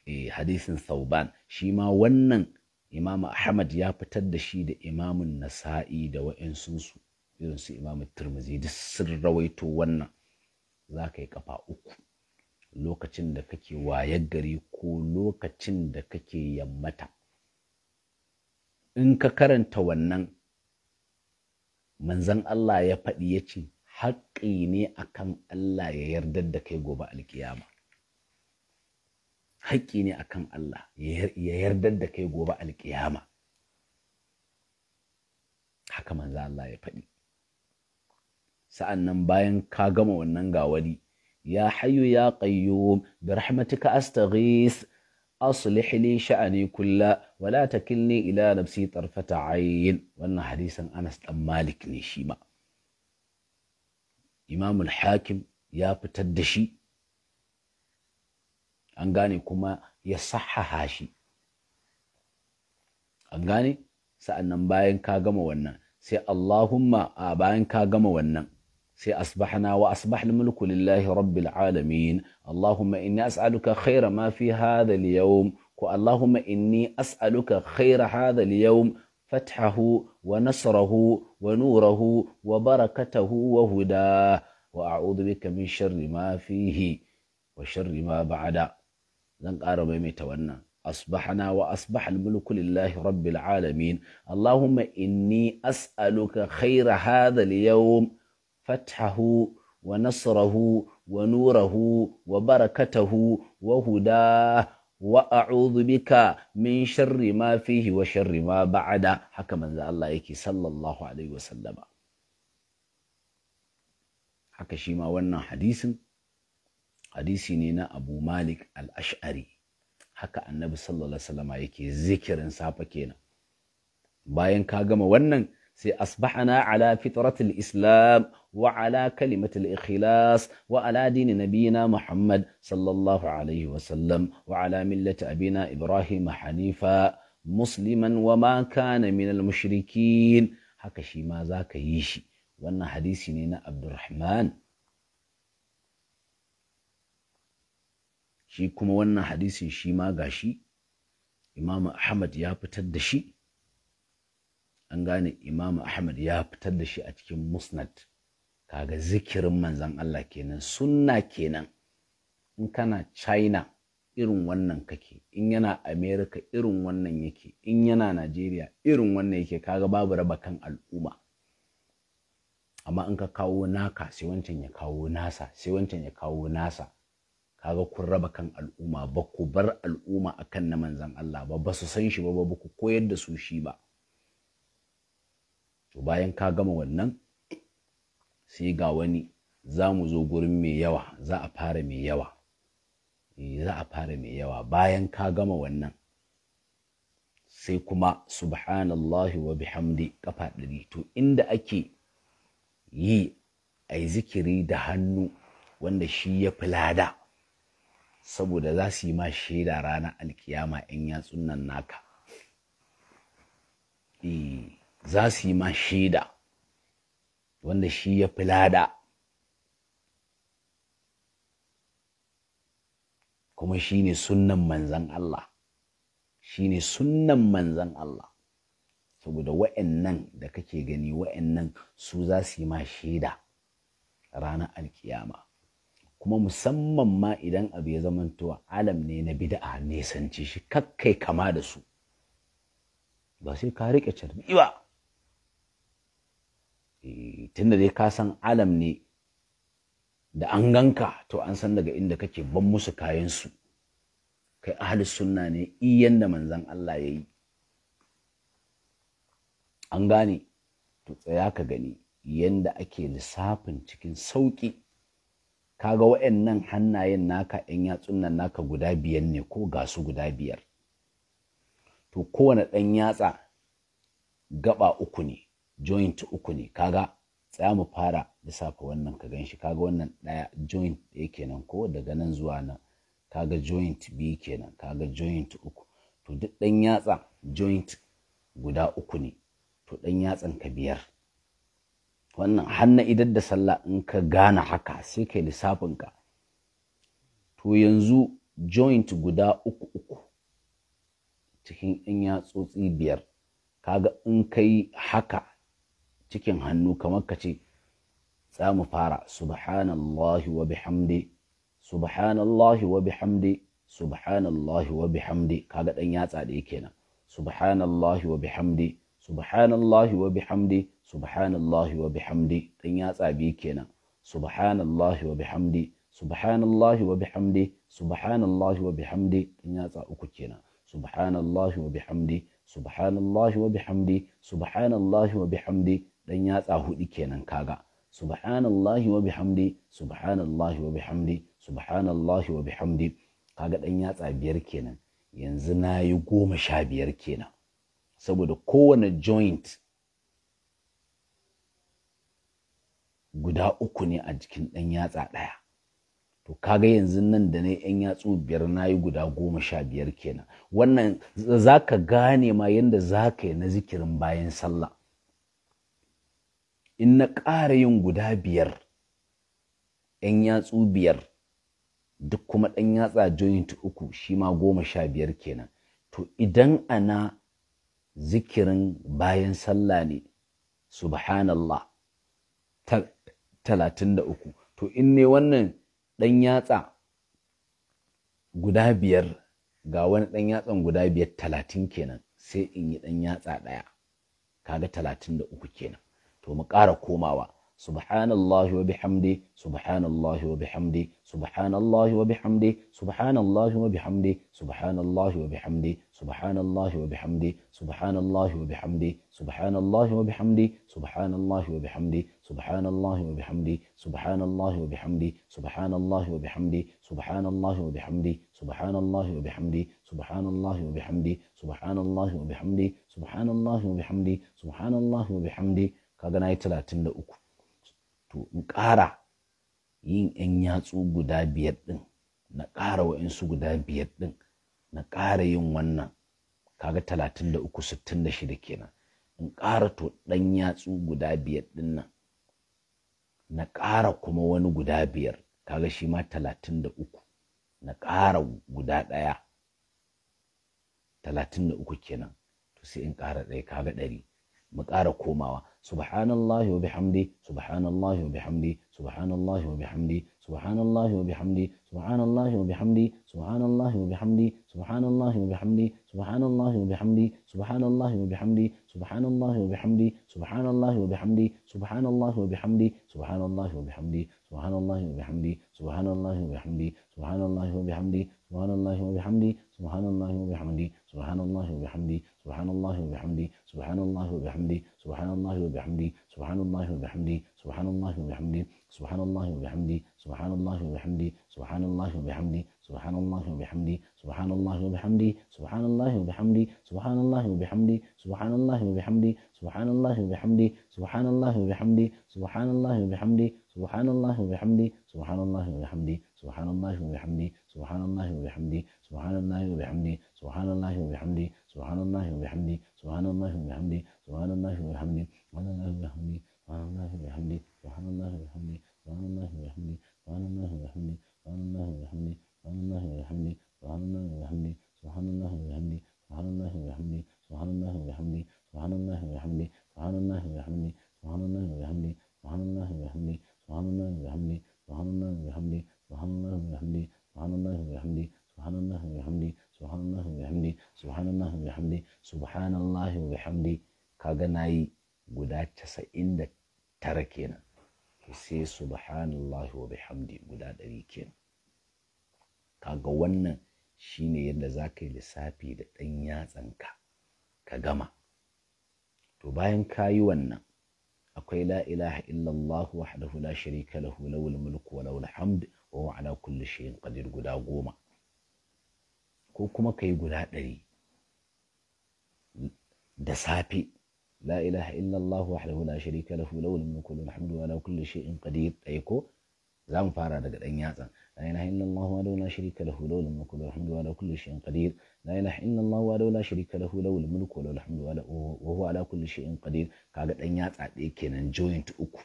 eh, hadisin sauban shi ma wannan imam ahmad ya fitar da shi da imamun nasa'i da wa'insunsu irin su imamu turmuzi duk sun rawaito wannan za ka yi kafa uku lokacin da kake wayar gari ko lokacin da kake yammata in ka karanta wannan manzan Allah ya faɗi ya ce haƙƙi ne akan Allah ya yarda da kai gobe alkiyama haƙƙi ne akan Allah ya yarda da kai gobe alkiyama haka manza Allah ya faɗi sa'an nan bayan ka gama wannan gawari ya hayyu ya qayyum da rahmatika astaghis aslih li sha'ani kulla wa la takilni ila nafsi tarfata ayn wannan hadisin Anas dan Malik ne shima. imamul hakim ya fitar da shi an gane kuma ya sahaha shi an gane sa'annan bayan ka gama wannan sai Allahumma a bayan ka gama wannan sai asbahna wa asbahal mulku lillahi rabbil alamin Allahumma inni as'aluka khaira ma fi hadha al-yawm ko Allahumma inni as'aluka khaira hadha al-yawm فتحه ونصره ونوره وبركته وهداه وأعوذ بك من شر ما فيه وشر ما بعد زن قارب ميتونا أصبحنا وأصبح الملك لله رب العالمين اللهم إني أسألك خير هذا اليوم فتحه ونصره ونوره وبركته وهداه wa a'udhu min sharri ma fihi wa sharri ma ba'ada haka manzo Allah yake sallallahu alaihi wasallama haka shi ma wannan hadisin hadisi ne na Abu Malik al-Ash'ari haka annabi sallallahu alaihi wasallama yake zikirin safa kenan bayan ka gama wannan sai asbahana ala fitratul islam wa ala kalimatul ikhlas wa ala dini nabiyina muhammad sallallahu alaihi wa sallam wa ala millati abina ibrahim hanifa musliman wa ma kana mushrikin haka shi ma ka yi shi wannan hadisi ne na abdurrahman shi kuma wannan hadisin shi ma gashi imamu ahmad ya fitar da shi an gane imamu ahmad ya fitar da shi a cikin musnad kaga zikirin manzan Allah kenan sunna kenan in kana china irin wannan kake in yana america irin wannan yake in yana najeriya irin wannan yake kaga babu raba kan al'umma amma in ka kawo naka sai wancan ya kawo nasa sai wancan ya kawo nasa kaga kun raba kan al'umma ba ku bar al'umma akan na manzan Allah ba ba su san shi ba ba ku koyar da su shi ba to bayan ka gama wannan sai ga wani za mu zo gurin mai yawa za a fara mai yawa eh, za a fara mai yawa bayan ka gama wannan sai kuma subhanallahi wa bihamdi kafa ɗari to inda ake yi a zikiri da hannu wanda shi ya fi lada saboda za su yi ma shaida rana alkiyama in 'yan yatsunan naka. Eh, za su yi ma shaida wanda shi ya fi lada kuma shi ne sunan manzan Allah shi ne sunnan manzan Allah saboda wa'annan da kake gani nan su za su yi ma shaida ranar alkiyama kuma musamman ma idan abu ya zamanto alam ne na bid'a nesance shi kakkai kama da su ba sai ka riƙe carbi ba Eh, tunda dai ka san alam ne da an ganka to an san daga inda kake ban musu su kai ahli sunna ne iyan da manzan Allah ya yi an gane to tsaya ka gani yanda ake lissafin cikin sauƙi kaga wa'annan hannayen naka 'yan yatsun nan naka guda biyar ne ko ga su guda biyar to kowane ɗan yatsa gaba uku ne joint uku ne kaga tsaya mu fara lissafa wannan ka ganshi kaga wannan ɗaya joint ɗaya kenan ko daga nan zuwa nan kaga joint biyu kenan kaga joint uku to duk ɗan yatsa joint guda uku ne to ɗan yatsan ka biyar wannan hanna idar da sallah in ka gane haka sai kai lissafin ka to yanzu joint guda uku uku cikin ɗan yatsotsi biyar kaga in kai haka cikin hannu kamar ka ce za mu fara subhanallahi wa bihamdi subhanallahi wa bihamdi subhanallahi wa bihamdi kaga dan yatsa da yake nan subhanallahi wa bihamdi subhanallahi wa bihamdi subhanallahi wa bihamdi dan yatsa bi kenan subhanallahi wa bihamdi subhanallahi wa bihamdi subhanallahi wa bihamdi dan yatsa uku kenan subhanallahi wa bihamdi subhanallahi wa bihamdi subhanallahi wa bihamdi dan yatsa hudu kenan kaga subhanallahi wa bihamdi subhanallahi wa bihamdi subhanallahi wa bihamdi kaga dan yatsa biyar kenan yanzu nayi goma sha biyar kenan saboda kowane joint guda uku ne a jikin ɗan yatsa ɗaya to kaga yanzu nan da na ‘yan yatsu biyar nayi guda goma sha biyar kenan wannan za ka gane ma yadda za ka yi na zikirin bayan sallah in na ƙara yin guda biyar ‘yan yatsu biyar duk kuma ɗan yatsa joint uku shi ma goma sha biyar kenan to idan ana zikirin bayan sallah ne subhanallah talatin da uku to in ne wannan ɗan yatsa guda biyar ga wani ɗan yatsan guda biyar talatin kenan sai in yi ɗan yatsa ɗaya kaga talatin da uku kenan to mu ƙara komawa subhanallahi wa bihamdi subhanallahi wa bihamdi subhanallahi wa bihamdi subhanallahi wa bihamdi subhanallahi wa bihamdi subhanallahi wa bihamdi subhanallahi wa bihamdi subhanallahi wa bihamdi subhanallahi wa bihamdi subhanallahi wa bihamdi subhanallahi wa bihamdi subhanallahi wa bihamdi subhanallahi wa bihamdi subhanallahi wa bihamdi subhanallahi wa bihamdi subhanallahi wa bihamdi subhanallahi wa bihamdi subhanallahi wa bihamdi kaga na yi talatin da uku to in ƙara yin yan yatsu guda biyar ɗin na ƙara wa'insu guda biyar ɗin na ƙara yin wannan kaga talatin da uku sittin da shida kenan in ƙara to ɗan yatsu guda biyar ɗin nan na ƙara kuma wani guda biyar kaga shi ma talatin da uku na ƙara guda ɗaya talatin da uku kenan to sai in ƙara ɗaya kaga ɗari مكارا كوماوا سبحان الله وبحمده سبحان الله وبحمده سبحان الله وبحمده سبحان الله وبحمده سبحان الله وبحمده سبحان الله وبحمده سبحان الله وبحمده سبحان الله وبحمده سبحان الله وبحمده سبحان الله وبحمده سبحان الله وبحمده سبحان الله وبحمده سبحان الله وبحمده سبحان الله وبحمده سبحان الله وبحمده سبحان الله وبحمده سبحان الله وبحمده سبحان الله وبحمده سبحان الله وبحمده subhanallah subhanallahi wa bihamdi guda ɗari kenan kaga wannan shine yadda za yi lissafi da ɗan yatsanka ka gama to bayan ka yi wannan akwai la ilaha illallah wahdahu la sharika lahu lahul mulku wa lahul hamd wa huwa ala kulli shay'in qadir guda goma ko kuma ka guda ɗari da safe la ilaha illallah wahdahu la sharika lahu lahul mulku wa hamdu ala kulli shay'in qadir dai ko zamu fara daga dan yatsan la ilaha ala kulli shay'in qadir la ilaha illallah wahdahu ala kulli shay'in qadir kaga dan yatsa dai kenan joint uku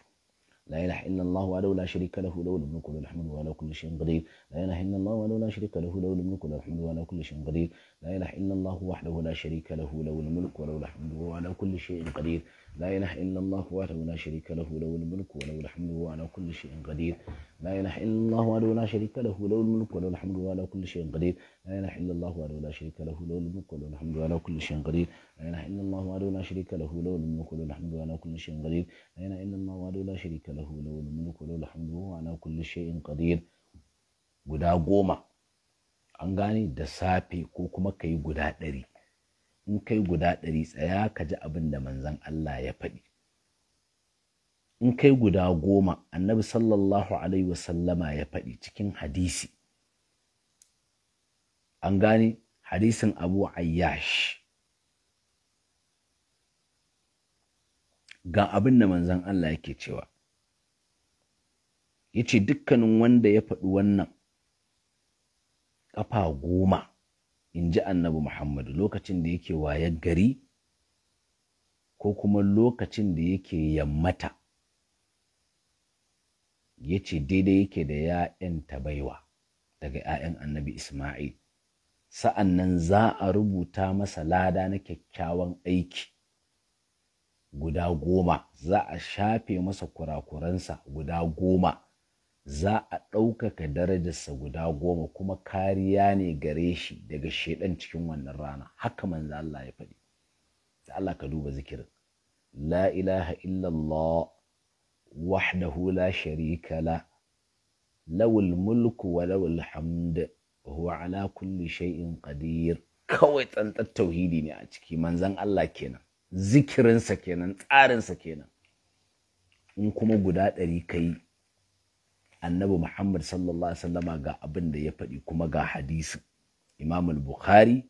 لا إله إلا الله وحده لا شريك له له الملك وله الحمد وعلى كل شيء قدير لا إله إلا الله وحده لا شريك له له الملك وله الحمد وعلى كل شيء قدير لا إله إلا الله وحده لا شريك له له الملك وله الحمد وعلى كل شيء قدير لا إله إلا الله وحده لا شريك له له الملك وله الحمد وعلى كل شيء قدير لا إله إلا الله وحده لا شريك له له الملك وله الحمد وعلى كل شيء قدير لا إله إلا الله وحده لا شريك له له الملك وله الحمد على كل شيء قدير لا إله إلا الله وحده لا شريك له له الملك وله الحمد على كل شيء قدير لا إله إلا الله وحده لا شريك له له الملك وله الحمد على كل شيء قدير guda goma an gane da safe ko kuma ka yi guda ɗari in kai guda ɗari tsaya ka ji abin da manzan Allah ya faɗi in kai guda goma annabi sallallahu alaihi wasallama ya faɗi cikin hadisi an gane hadisin abu ayyash ga abin da manzan Allah yake cewa yace dukkanin wanda ya faɗi wannan ƙafa goma in ji annabi Muhammadu lokacin da yake wayar gari ko kuma lokacin da yake yammata yace daidai yake da ‘ya'yan baiwa daga ‘ya'yan annabi Ismail sa'an nan za a rubuta masa lada na kyakkyawan aiki guda goma za a shafe masa kurakuransa guda goma za a ɗaukaka darajarsa guda goma kuma kariya ne gare shi daga shaidan cikin wannan rana haka manzo Allah ya faɗi sai Allah ka duba zikirin la ilaha illallah wahdahu la sharika la lawul mulku wa lawul hamd wa ala kulli shay'in qadir kawai tsantsar tauhidi ne a ciki manzan Allah kenan zikirinsa kenan tsarinsa kenan in kuma guda ɗari ka yi annabi muhammad sallallahu alaihi wasallama ga abin da ya faɗi kuma ga hadisin imam bukhari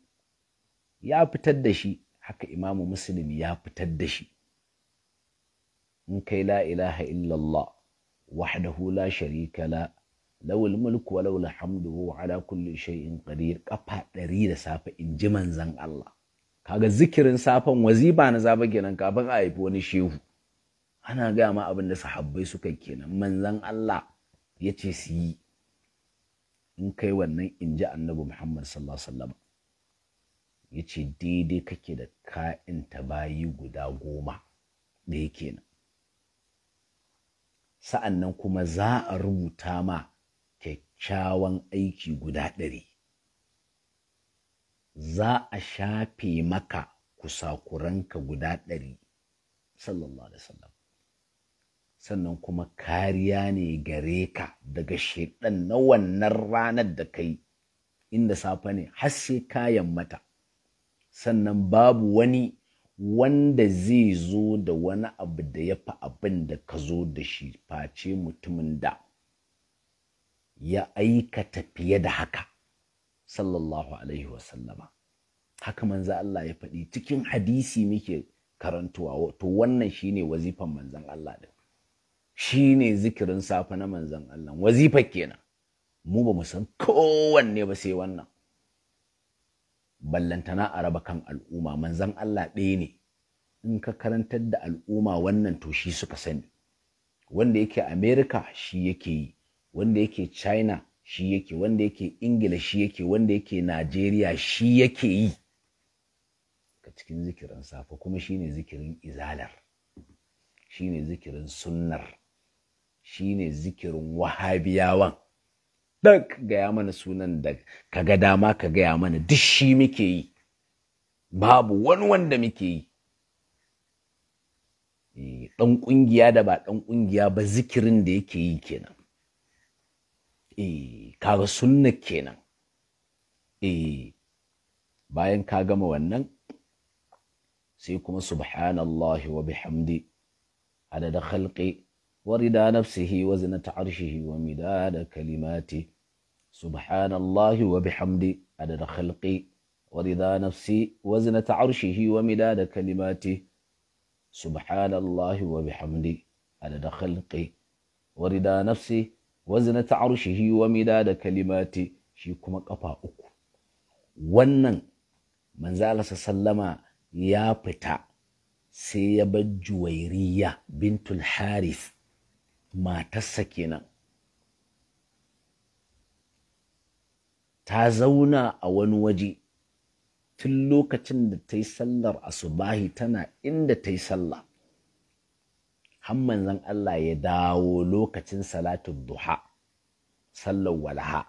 ya fitar da shi haka imamu muslim ya fitar da shi in kai la ilaha illallah wahdahu la sharika la lawul mulku wa lawul hamdu ala kulli shay'in qadir kafa ɗari da safe in ji manzan Allah kaga zikirin safen waziba na zaba kenan kafin a haifi wani shehu ana gaya ma abin da sahabbai suka kenan manzan Allah ya ce su yi in kai wannan in ji annabi Muhammad sallallahu alaihi wasallam ya ce daidai kake da ka'in bayi guda goma ɗaya kenan sa'an nan kuma za a rubuta ma kyakkyawan aiki guda ɗari. Za a shafe maka kusakuranka guda ɗari, sallallahu Alaihi wasallam. Sannan kuma kariya ne gare ka daga shaiɗan na wannan ranar da kai, inda safe ne har sai kayan mata. Sannan babu wani wanda zai zo da wani abu da ya fi abin da ka zo da shi face mutumin da. ya aikata fiye da haka sallallahu alaihi wasallama haka manzo Allah ya faɗi cikin hadisi muke karantuwa to wannan shine wazifan manzon Allah din shine zikirin safe na manzon Allah wazifa kenan mu ba mu san kowanne ba sai wannan ballantana a raba kan al'umma manzon Allah ɗaya ne in ka karantar da al'umma wannan to shi suka sani wanda yake Amerika shi yake yi wanda yake china shi yake wanda yake ingila shi yake wanda yake najeriya shi yake yi ka cikin zikirin safa kuma shi ne zikirin izalar shi ne zikirin sunnar shi ne zikirin wahabiyawan duk gaya mana sunan da kaga dama ka gaya mana duk shi muke yi babu wani wanda muke yi eh, ɗan ƙungiya da ba ɗan ƙungiya ba zikirin da yake yi kenan eh kaga sunna kenan eh bayan ka gama wannan sai kuma subhanallahi wa bihamdi adada khalqi wa rida nafsihi wa zinata arshihi wa midada kalimati subhanallahi wa bihamdi adada khalqi wa rida nafsi wa zinata arshihi wa midada kalimati subhanallahi wa bihamdi adada khalqi wa rida nafsi wazina ta arshihi wa da kalimati shi kuma kafa uku wannan manzala sallama ya fita sai ya bar juwairiya bintul haris matarsa kenan ta zauna a wani waje tun lokacin da ta yi sallar asubahi tana inda ta yi sallah har manzon Allah ya dawo lokacin salatu duha sallar walaha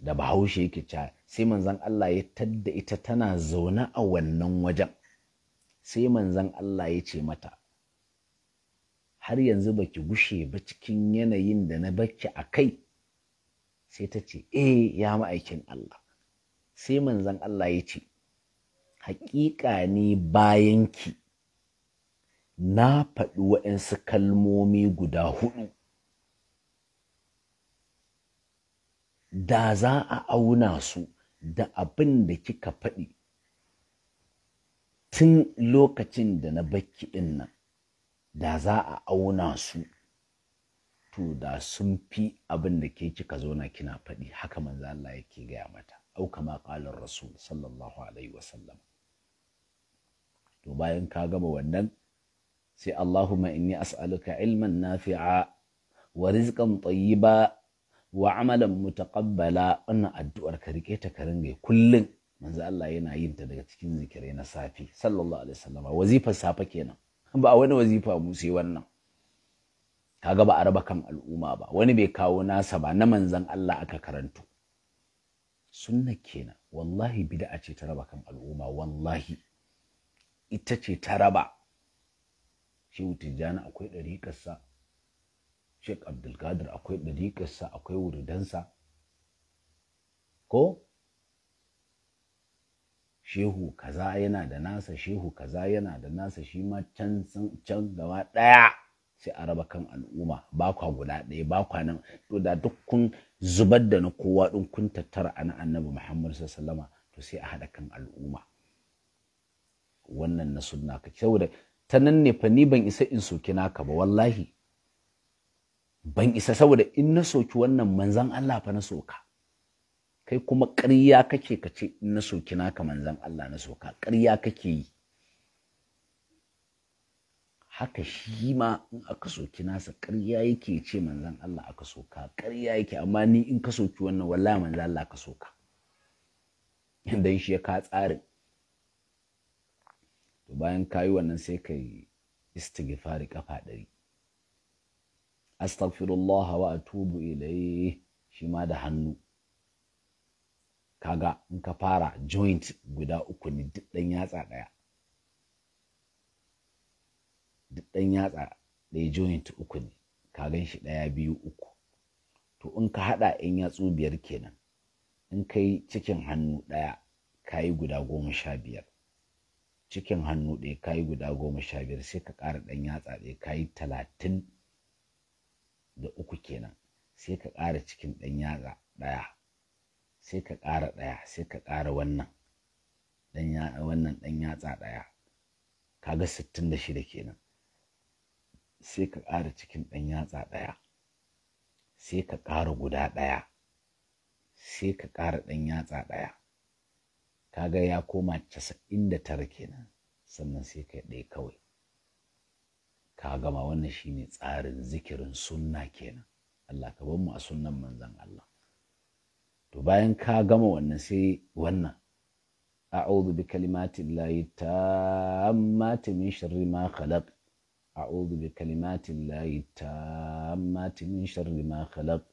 da bahaushe yake ca sai manzon Allah ya tadda ita tana zaune a wannan wajen sai manzon Allah ya ce mata har yanzu baki gushe ba cikin yanayin da na baki a kai sai ta ce eh ya ma'aikin Allah sai manzon Allah ya ce haƙiƙa ne bayanki na faɗi waɗansu kalmomi guda hudu da za a auna su da abin da kika faɗi tun lokacin da na bakki ɗin nan da za a auna su to da sun fi abin da ke kika zo na kina faɗi haka manzo Allah yake gaya mata au kama qalar rasul sallallahu alaihi wasallam to bayan ka gama wannan sai Allahumma inni as'aluka ilman nafi'a wa rizqan tayyiba wa amalan mutaqabbala wannan addu'ar ka rike ta ka ringa kullun manzo Allah yana yin ta daga cikin zikirai na safi sallallahu alaihi wasallam wazifar safa kenan ba wani wazifa mu sai wannan kaga ba a raba kan al'umma ba wani bai kawo nasa ba na manzan Allah aka karantu. sunna kenan wallahi bid'a ce ta raba kan al'umma wallahi ita ce ta raba shehu tijjani akwai ɗariƙarsa sheik abdulkadir akwai ɗariƙarsa akwai wuridansa ko shehu kaza yana da nasa shehu kaza yana da nasa shi ma can can gaba ɗaya sai a raba kan al'umma ba kwa guda ɗaya ba kwa nan to da duk kun zubar da na kowa ɗin kun tattara ana annabi muhammad sallama to sai a haɗa kan al'umma wannan na sunna ka saboda ta nan ne fa ni ban isa in soki naka ba wallahi ban isa saboda in na soki wannan manzan Allah fa na soka kai kuma ƙarya kake ka ce in na soki naka manzan Allah na soka ƙarya kake yi haka shi ma in aka soki nasa ƙarya yake ce manzan Allah aka soka ƙarya yake amma ni in ka soki wannan wallahi manzan Allah ka soka dan shi ya ka tsarin to bayan ka yi wannan sai ka yi istighfari kafa ɗari astaghfirullah wa atubu ilayhi shi ma da hannu kaga in ka fara joint guda uku ne duk ɗan yatsa ɗaya duk ɗan yatsa ɗaya joint uku ne ka gan shi ɗaya biyu uku to in ka haɗa in yatsu biyar kenan in ka yi cikin hannu ɗaya ka yi guda goma sha biyar cikin hannu ɗaya kayi guda goma sha biyar sai ka ƙara ɗan yatsa ɗaya kayi talatin da uku kenan sai ka ƙara cikin ɗan yatsa ɗaya sai ka ƙara ɗaya sai ka ƙara wannan wannan ɗan yatsa ɗaya ga sittin da shida kenan sai ka ƙara cikin ɗan yatsa ɗaya sai ka ƙara guda ɗaya sai ka ƙara ɗan yatsa ɗaya kaga ya koma casa'in da tara kenan sannan sai kai ɗaya kawai ka gama wannan shine tsarin zikirin sunna kenan Allah ka bar mu a sunnan manzan Allah to bayan ka gama wannan sai wannan أعوذ بكلمات الله التامات من شر ما خلق أعوذ بكلمات الله min sharri ma khalaq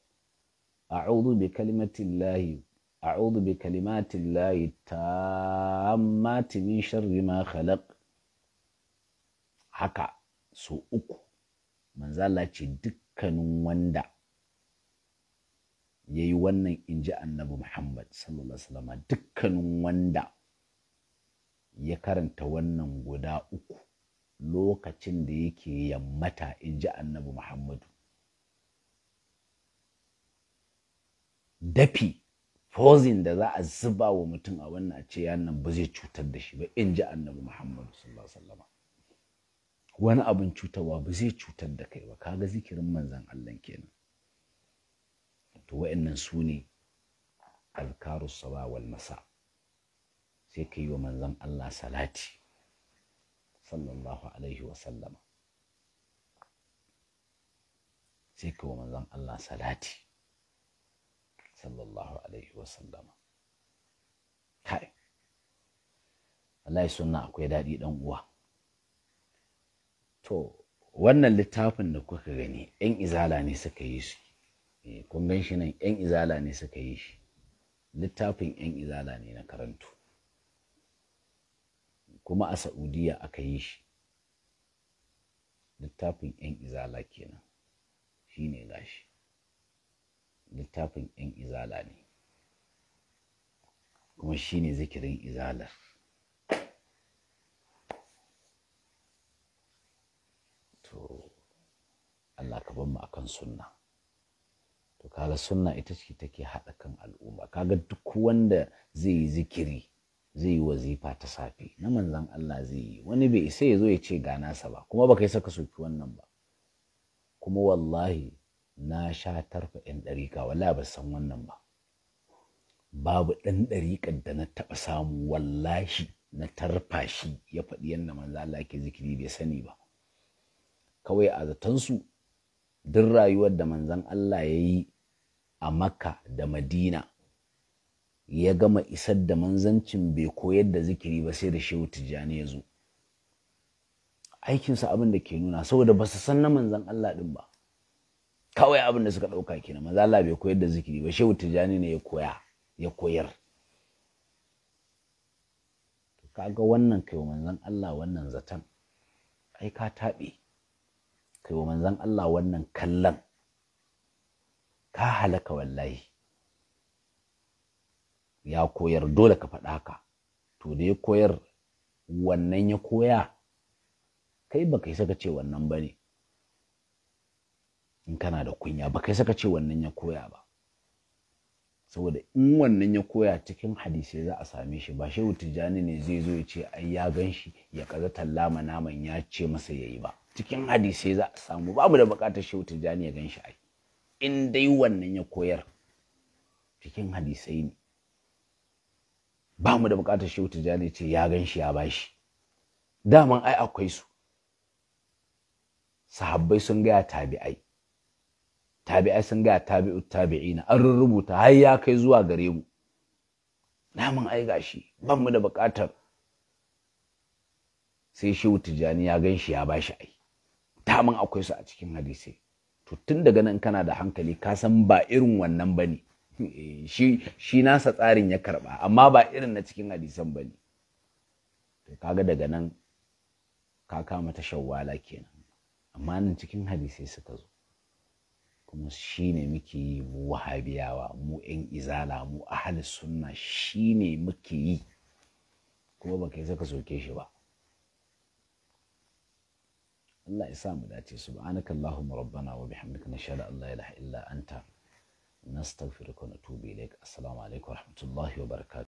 a'udhu bi بكلمة الله أعوذ بكلمات الله التامات من شر ما خلق haka so uku manzala ce dukkanin wanda ya yi wannan in ji annabi muhammad sallallahu alaihi dukkanin wanda ya karanta wannan guda uku lokacin da yake yammata in ji annabi muhammadu dafi fozin da za a zuba wa mutum a wannan ce yannan ba zai cutar da shi ba in ji annabi muhammadu sallallahu alaihi wani abin cutarwa ba zai cutar da kai ba kaga zikirin manzan allah kenan to wa'annan su ne azkaru saba wal masa sai ka yi wa manzan allah salati sallallahu alaihi wa sallama sai ka yi wa manzan allah salati sallallahu alaihi wasallama kai wallahi sunna akwai daɗi ɗan uwa to wannan littafin da kuka gani ƴan izala ne suka yi shi eh, kun gan shi nan yan izala ne suka yi shi littafin ƴan izala ne na karantu kuma a Saudiya aka yi shi littafin ƴan izala kenan shine gashi littafin 'yan izala ne kuma shi ne zikirin izalar to allah ka ban mu akan sunna to kala sunna ita ce take haɗa kan al'umma kaga duk wanda zai yi zikiri zai yi wazifa ta safe na manzan Allah zai yi wani bai isa ya zo ya ce ga nasa ba kuma baka yi saka soki wannan ba kuma wallahi na sha tarfa 'yan ɗarika, wallahi ba san wannan ba babu ɗan ɗariƙar da na taɓa samu wallahi na tarfa shi ya faɗi yadda manzo Allah ke zikiri bai sani ba kawai a zaton su, duk rayuwar da manzon Allah ya yi a Makka da Madina ya gama isar da manzancin bai koyar da zikiri ba sai da shehu tijjani ya zo aikinsa abin da ke nuna saboda ba su san na manzon Allah ɗin ba kawai abin da suka ɗauka kenan maza Allah bai koyar da zikiri ba shehu tijani ne ya koya ya koyar kaga wannan kai manzon Allah wannan zaton ai ka taɓe kai manzon Allah wannan kallon ka halaka wallahi ya koyar dole ka faɗa haka to da ya koyar wannan ya koya kai baka isa saka ce wannan ba in kana da kunya ba kai saka ce wannan ya koya ba saboda in wannan ya koya cikin hadisai za a same shi ba shehu tijjani ne zai zo ya ce ai ya gan shi ya kaza tallama naman ya ce masa ya yi ba cikin hadisai za a samu babu da bukatar shehu tijjani ya ganshi shi ai in dai wannan ya koyar cikin hadisai ne ba mu da bukatar shehu tijjani ce ya gan shi ya bashi daman ai akwai su sahabbai sun gaya tabi'ai tabi'ai sun gaya tabi'u tabi'ina an rubuta har ya kai zuwa gare mu namun ai gashi ban mu da bukatar sai shi tijjani ya ganshi shi ya bashi ai tamun akwai su a cikin hadisai to tun daga nan kana da hankali ka san ba irin wannan ba ne eh, shi, shi nasa tsarin ya karba amma ba irin na cikin hadisan ba ne to kaga daga nan ka kama ta shawwala kenan amma nan cikin hadisai suka zo kuma shi ne muke yi mu wahabiyawa mu 'yan izala mu ahli sunna shi ne muke yi kuma ba kai saka soke shi ba Allah ya sa mu dace subhanaka allahumma rabbana wa bihamdika nashhadu an la ilaha illa anta nastaghfiruka wa natubu ilayk assalamu alaikum wa rahmatullahi wa barakatuh